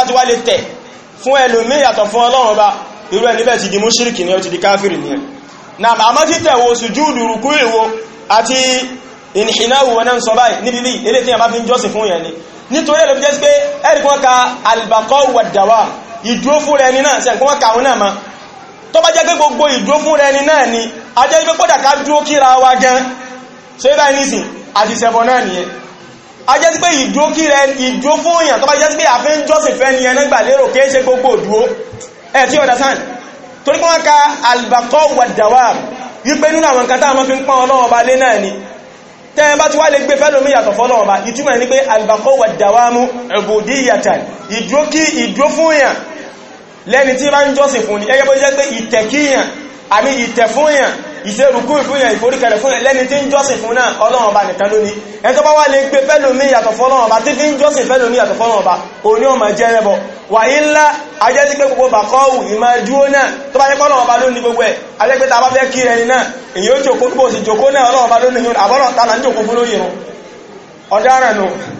fún ẹlòmí yàtọ̀ ba náà ni nítorí ẹlòmí jẹ́ sí pé ẹ̀rì kan ka albaqaw wad dawam ìdúró fúnra ẹni náà sẹ́ǹkọ́ wọn náà máa tó bá jẹ́ pé gbogbo ìdúró fún rẹ ni náà ni a jẹ́ pé kódà ká dúró kíra wa gan ṣe bá ní sìn àti ìṣẹ̀bọ̀ náà nìyẹn a jẹ́ pé ìdúró kíra ìdúró fún èèyàn tó bá jẹ́ pé àfin jọ́sìn fẹ́ ni ẹnẹ́gbà lérò kéé ṣe gbogbo ìdúró ẹ̀ tí ọ̀dà sàn torí pé wọ́n ka albaqo pọ́n ọlọ́wọ́ ba lé náà ni tẹ́ ẹ ba ìtumọ̀ ní pé albaqo wàdàwà mú ẹ̀bùdíyàtà ìdúró kí lẹ́ni tí bá ń jọ́sìn fún ní ẹgbẹ́ bó jẹ́ pé ìtẹ̀kíyàn àmì ìtẹ̀ fúnyàn ìṣerùkú ìfúnyàn ìforíkẹrẹ fúnyàn lẹ́ni tí ń jọ́sìn fún náà ọlọ́run bá nìkan lóní ẹni tó bá wá lè gbé fẹ́lòmí yàtọ̀ fọ́lọ́run bá tí fi ń jọ́sìn fẹ́lòmí yàtọ̀ fọ́lọ́run bá òní ọmọ jẹ́ rẹbọ wà ńlá ajẹ́ sí pé gbogbo bàkọ́wù ìmájúó náà tó bá jẹ́ pé ọlọ́run bá lóní gbogbo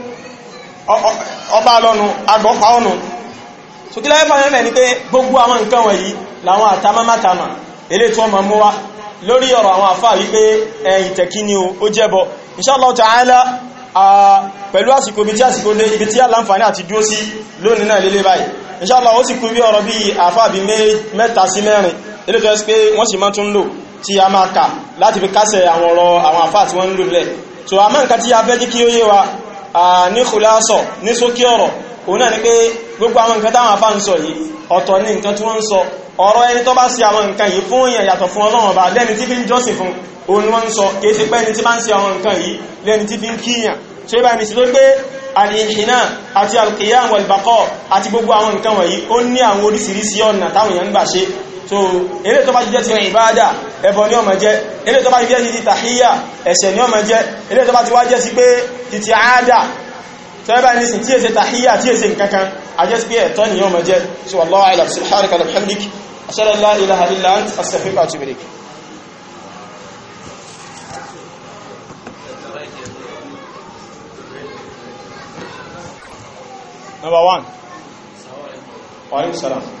ọba lọ́nu agbọ́pa ọ̀nù ṣùkílá ẹ̀fà mẹ́mẹ́ ni pé gbogbo àwọn nǹkan wọ̀nyí làwọn àtàmátàmà ilé tí wọ́n ma mú wá lórí ọ̀rọ̀ àwọn àfà wípé ẹ̀yìn tẹ̀kí ni ó jẹ́bọ Insha Allah Ta'ala pẹ̀lú àsìkò ibi tí àsìkò lé ibi tí a láǹfààní àti dúró sí lónìí náà lélé báyìí Insha Allah ó sì kú bí ọ̀rọ̀ bí àfà bí mẹ́ta sí mẹ́rin ilé tó ẹ́sì pé wọ́n sì máa tún lò tí a máa kà láti fi kásẹ̀ àwọn ọ̀rọ̀ àwọn àfà tí wọ́n ń lò lẹ̀ so àmọ́ nǹkan tí a fẹ́ jí kí ó ní kùlásọ̀ ní sókí ọ̀rọ̀ òun náà ni pé gbogbo àwọn nǹkan táwọn afá ń sọ yìí ọ̀tọ̀ ní nǹkan tí wọ́n ń sọ ọ̀rọ̀ ẹni tó bá sí àwọn nǹkan yìí fún èèyàn yàtọ̀ fún ọlọ́run bá lẹ́ni tí fi ń jọ́sìn fún òun wọ́n ń sọ kìí ṣe pé tí bá ń sí àwọn nǹkan yìí lẹ́ni tí fi ń kíyàn tí ó bá ní sí ló gbé alìhìnà àti alqiyam wal baqa àti gbogbo àwọn nǹkan wọ̀nyí ó ní àwọn oríṣiríṣi ọ̀nà táwọn èèyàn ń gbà ṣe so ele tó bá jẹ́ ti ìbáadà ẹbọ ní ọmọ jẹ́ ele tó bá jẹ́ ti tàhíyà ẹ̀ṣẹ̀ ní ọmọ jẹ́ ele tó bá ti wá jẹ́ sí pé ti ti àádà tó ẹbá ní sí tí èsè tàhíyà tí èsè nkankan ajẹ́ sí pé ẹ̀tọ́ so wallahu a'lam subhanaka wa bihamdik ashhadu an Number one. Wa alaikum salam.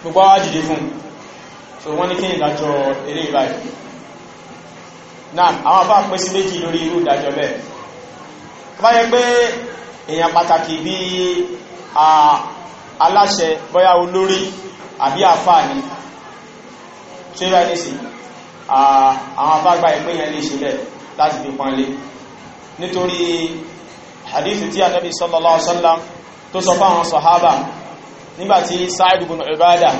gbogbo àwọn jìde fún so wọ́n ní kí ni ìdájọ́ eré ìbáyìí náà àwọn afá pín sí méjì lórí irú ìdájọ́ bẹ́ẹ̀ bá yẹ pé èèyàn pàtàkì bí aláṣẹ bóyá olórí àbí àfà ni tí ó rẹ̀ nísì àwọn afá gba ìpín yẹn lè ṣe bẹ́ẹ̀ láti fi pọ́nlé nítorí hadith tí Ànábì sallallahu alaihi wasallam tó sọ fáwọn sàhábà nígbàtí Sa'id ibn Ubadah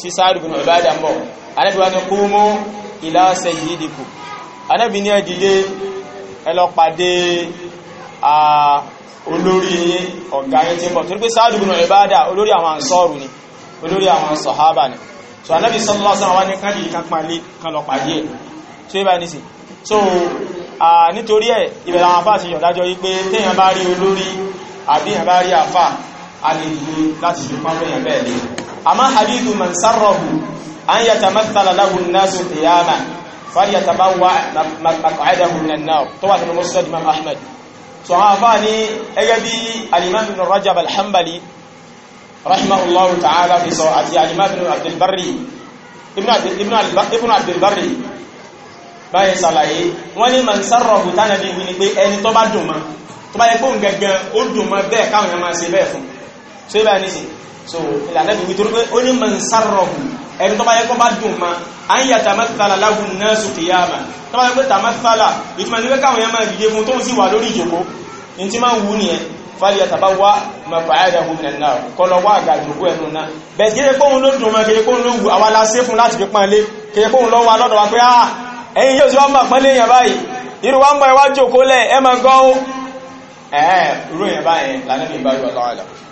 tí Sa'id ibn Ubadah mọ̀ anábi wá ní qumu ila sayyidikum anábi ní ẹ̀dìlé ẹlọ́pàdé olórí ọ̀gá yẹn tí ń bọ̀ torípé Sa'id ibn Ubadah olórí àwọn ansọ́rù ni olórí àwọn sọ̀hábà ni so anábi sallallahu alaihi wasallam ní káàdì kan pàlé kan so nítorí ẹ̀ ìbẹ̀rẹ̀ àwọn àfáà ti yọ̀dájọ́ yí pé téèyàn alìdìdì láti fi pán lóyìn bẹ́ẹ̀ ni a máa hadithu man sarrahu an yata matsala lagun nasu qiyama fari yata bá wà makaidahu nan náà tó wà nínú musulman imam ahmed so ha fa ni ẹgẹ́ bí alimam ibn rajab alhambali rahimahullahu ta'ala fi sọ àti alimam ibn abdulbari ibn abdulbari báyìí sàlàyé wọ́n ní man sarrahu tánàbí ni pé ẹni tó bá dùn mọ́ tó bá yẹ kó ń gẹ̀gẹ̀ ó dùn mọ́ bẹ́ẹ̀ káwọn yẹn máa bẹ́ẹ̀ fún so ibà ní sí so ìlànà ìwé torí pé ó ní mọ̀ ń sárọ̀kù ẹni tó bá yẹ kó bá dùn ma a ń yà tàmátàlà láhùn náà sùkè yá ma tó bá yẹ pé tàmátàlà ìtumọ̀ ní pé káwọn yẹn máa dìde fún tóun sì wà lórí ìjòkó ní ti máa wù nìyẹn fàlíyà tàbá wá mọ̀fàáyàdà gómìnà náà kọlọ wá àgbà ìjòkó ẹnu náà bẹ̀ẹ̀ kéré kóhun ló dùn mọ́ kéré kóhun ló wù àwọn aláṣẹ́ fún láti fi pán lé kéré kóhun lọ wá lọ́dọ̀ wá pé ah ẹ̀yin yóò sí wá mọ̀ pán lé yẹn báyìí irú wá mọ̀ ẹwà jòkó lẹ̀ ẹ mọ̀ gan-an ẹ̀ẹ́ irú yẹn báyìí lànà mi bá yọ lọ́wọ́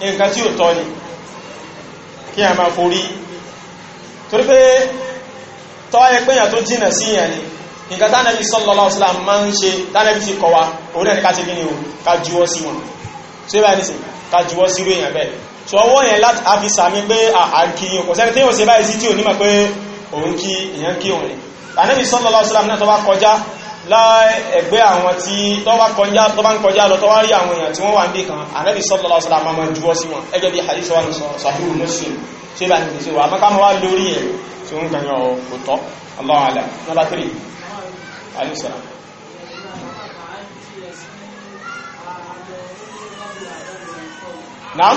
nǹkan tí ó tọ́ ni kí a máa forí torí pé tọ́wáyẹ péyàn tó jìnà sí yẹn ni nǹkan tánàbí sallallahu alaihi wasallam máa ń ṣe tánàbí ti kọwa orí ẹni káti gíní o ká juwọ́ sí wọn ṣé bá nìsìn ká juwọ́ sí rèèyàn bẹ́ẹ̀ tó ọwọ́ yẹn láti àfi sàmì pé láẹ̀gbẹ́ àwọn tí tọ́bá ń kọjá lọ tọ́wá rí àwọn èèyàn tí wọ́n wà ń bí kan ànábì sallallahu alaihi wasallam máa juwọ́ sí wọn ẹgẹ́ bí hadith wà ní Muslim ṣe bá nìtẹ̀ sí wà mọ́ká mọ́ wá lórí a'lam nọ́bá 3 alìsàlá Naam?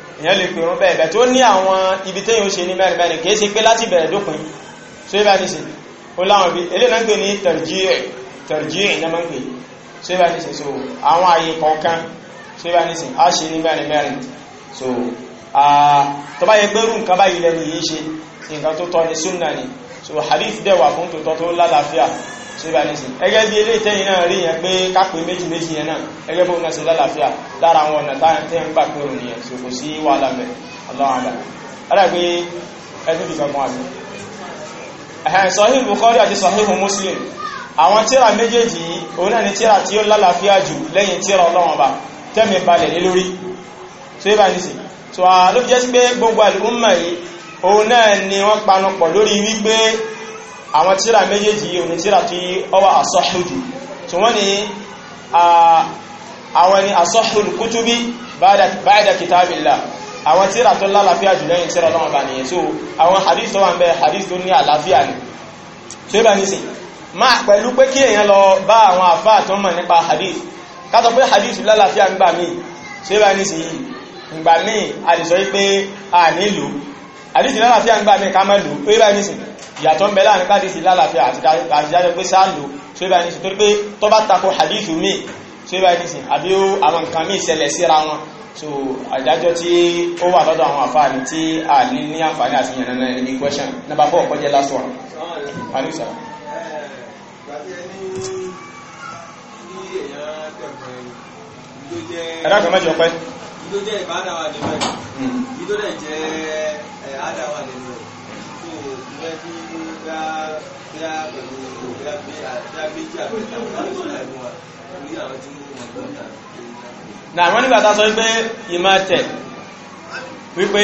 èyàn lè pèrún bẹ́ẹ̀ bẹ̀ tí ó ní àwọn ibi tẹ́yìn ó ṣe ní mẹ́rin mẹ́rin kìí ṣe pé láti bẹ̀rẹ̀ dópin so ibà ní ṣe ó láwọn ibi ilé náà ń pè ní tẹ̀rìjíẹ̀ tẹ̀rìjíẹ̀ ní ọmọ ń pè so ibà ní ṣe so àwọn ààyè kọ̀ọ̀kan so ibà ní ṣe á ṣe ní mẹ́rin mẹ́rin so tó bá yẹ gbẹ́rù nǹkan báyìí lẹ́nu yìí ṣe nǹkan tó tọ́ ni súnà ni so hadith dẹ̀ wà fún tòótọ́ tó lálàáfíà ṣébà ní sí ẹgẹ́ bí ilé ìtẹ́yìn náà rí yẹn pé kápé méjì méjì yẹn náà ẹgẹ́ bó náà sí lálàáfíà lára àwọn ọ̀nà táyẹn tẹ́ ń gbà pé òun yẹn ṣòfò sí wàhálà mẹ́ ọlọ́run àdá ọlá pé ẹtún fi kankan àbí ẹ̀hẹ̀n sahih bukhari àti sahih muslim àwọn tíra méjèèjì yìí òun náà ni tíra tí ó lálàáfíà jù lẹ́yìn tíra ọlọ́run ọba tẹ́mi balẹ̀ lé lórí ṣébà ní sí tó a ló jẹ́ sí pé gbogbo àlùmọ̀ yìí òun náà ni wọ́n panupọ̀ àwọn tíra méjèèjì yìí ní tíra tí ó wà asọ́hùdù tí wọ́n ni àwọn ni asọ́hùdù kútúbí báyìdá kìtàbílá àwọn tíra tó lálàáfíà jù lẹ́yìn tíra lọ́wọ́ bá nìyẹn so àwọn hadith tó wà ń bẹ hadith tó ní àlàáfíà ni tí ó bá ní sí ma pẹ̀lú pé kí èèyàn lọ bá àwọn àfáà tó mọ̀ nípa hadith kátọ pé hadith lálàáfíà ń gbà míì tí ó bá ní sí ìgbà míì àdìsọ́ wípé a nílùú àdìsí lálàáfíà ń gbà mí ká mẹ́lú ó yíba ní sí ìyàtọ̀ ń bẹ láàrin bá lálàáfíà àti dájọ́ pé sáàlù tó yíba ní sí torí tó bá tako hadithu mi tó yíba ní sí àbí àwọn nǹkan mi ìṣẹ̀lẹ̀ síra wọn so àdájọ́ tí ó wà lọ́dọ̀ àwọn àfáàní tí a ní ní àǹfààní àti ìyànnà ẹni question number four kọjá last one alisa. ẹ̀rọ kan mẹ́jọ pẹ́ tó jẹ́ ìbádà wà nínú ẹ̀ hmm. yìí tó dẹ̀ jẹ́ àádà wà nínú ẹ̀ tó ìwé tí bá a pẹ̀lú bá bá méjì àbẹ̀tà láti láìpẹ́ wa orí àwọn tí wọ́n mọ̀ tó ń tà. àwọn nígbà tá a sọ wípé ìmọ̀ tẹ̀ wípé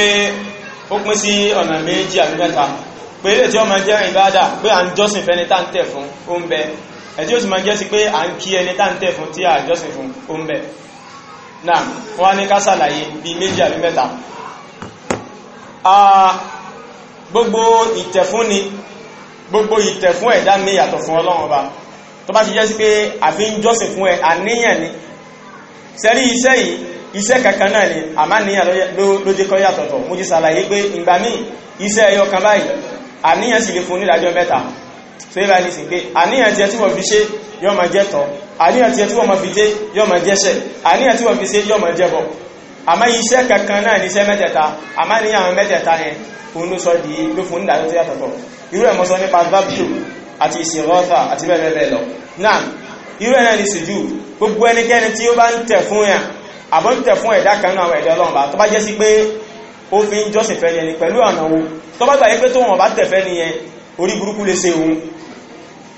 ó pín sí ọ̀nà méjì àbí mẹ́ta pé ilé tí ó máa jẹ́ ìbádà pé à ń jọ́sìn fẹ́ni tá ń tẹ̀ fún ó ń bẹ ẹ̀tí ó sì máa jẹ́ sí pé à ń kí ẹni tá ń tẹ̀ fún tí à ń jọ́sìn fún ó na wọ́n ní ká ṣàlàyé bí méjì àbí mẹ́ta gbogbo ìtẹ̀fúnni gbogbo ìtẹ̀fún ẹ̀dá mi yàtọ̀ fún ọlọ́run ọba tó bá ti jẹ́ sí pé àfi ń jọ́sìn fún ẹ àníyàn ni sẹ́rí iṣẹ́ yìí iṣẹ́ kankan náà ni àmáníyàn ló jẹ́ kọ́ yàtọ̀tọ̀ mo ti ṣàlàyé pé ìgbà míì iṣẹ́ ẹyọ kan báyìí àníyàn sì lè fún nídàájọ́ mẹ́ta so yíba ní sí pé àníyàn tí ẹ tí wọ́n fi ṣe yọ́ ma jẹ́ tọ́ àníyàn tí ẹ tí wọ́n ma fi dé yọ́ ma jẹ́ṣẹ̀ àníyàn tí wọ́n fi ṣe yọ́ ma jẹ́bọ̀ àmọ́ iṣẹ́ kankan náà ní iṣẹ́ mẹ́tẹ̀ta àmọ́ àníyàn àwọn mẹ́tẹ̀ta yẹn òun ló sọ di ló fún ìdájọ́ tí yàtọ̀tọ̀ irú ẹ̀ mọ́ sọ nípa bábíù àti ìṣèrọ́ta àti bẹ́ẹ̀ lọ ni pẹ̀lú ọ̀nà wo tó bá gbà orí burúkú lè ṣe òun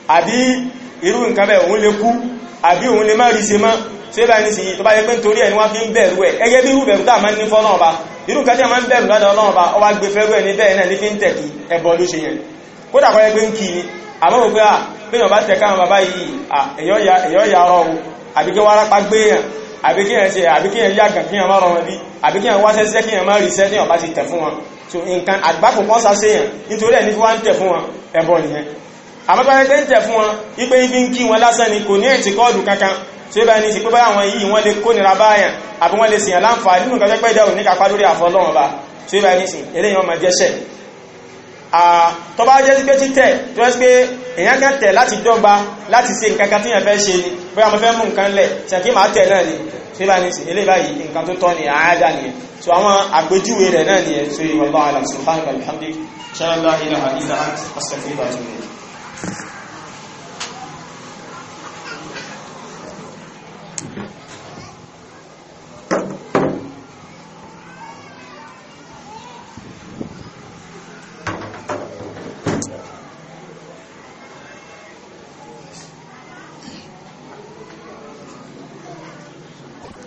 àbí irú nǹkan bẹ̀ òun lè kú àbí òun lè má rí ṣe mọ́ ṣe bá ní sí tó bá yẹ pé nítorí ẹ̀ ni wọ́n fi ń bẹ̀rù ẹ̀ ẹgẹ́ bí irú bẹ̀rù tá a máa ń ní fọ́lọ́run ọba irú nǹkan tí a máa ń bẹ̀rù lọ́dọ̀ ọlọ́run ọba ọwá gbé fẹ́rú ẹni bẹ́ẹ̀ náà ní fi ń tẹ̀kí ẹbọ ló ṣe yẹn kódà kọ́ yẹ pé ń kí ni àmọ́ wò pé à bí wọ́n bá tẹ̀ka àwọn bàbá yìí ẹ̀yọ́ ya ọ̀rọ̀ àbí kí wọ́n rápá gbé yàn àbí kí ẹ̀ ṣe àbí kí ẹ̀ yàgàn kí ẹ̀ má rọrùn bí àbí kí ẹ̀ wáṣẹ́ síṣẹ́ kí ẹ̀ má rí iṣẹ́ tí ọ̀bá ti tẹ̀ fún wọn so nǹkan àgbákò kan sá ni kò ní ẹ̀tì kọ́ọ̀dù kankan tí ó bá ní sí pé bá àwọn yìí wọ́n lè kó nira báyàn àbí wọ́n lè sèyàn láǹfà nínú nǹkan tó pẹ́ jẹ́ òní kápá lórí àfọlọ́wọ́n bá tí ó bá ní sí eléyìí wọ́n máa jẹ́ṣẹ́ tó bá jẹ́ sí pé títẹ̀ tó ẹ́ sí pé èyàn kan tẹ̀ láti dọ́gba láti ṣe nǹkan kan tí yẹn fẹ́ ṣe ni bóyá mo fẹ́ mú nǹkan lẹ̀ tí a kí máa tẹ̀ náà ni tí bá ní ilé báyìí nǹkan tó tọ́ ni àádá nìyẹn so àwọn àgbéjúwe rẹ̀ náà nìyẹn so ìwọ̀n bá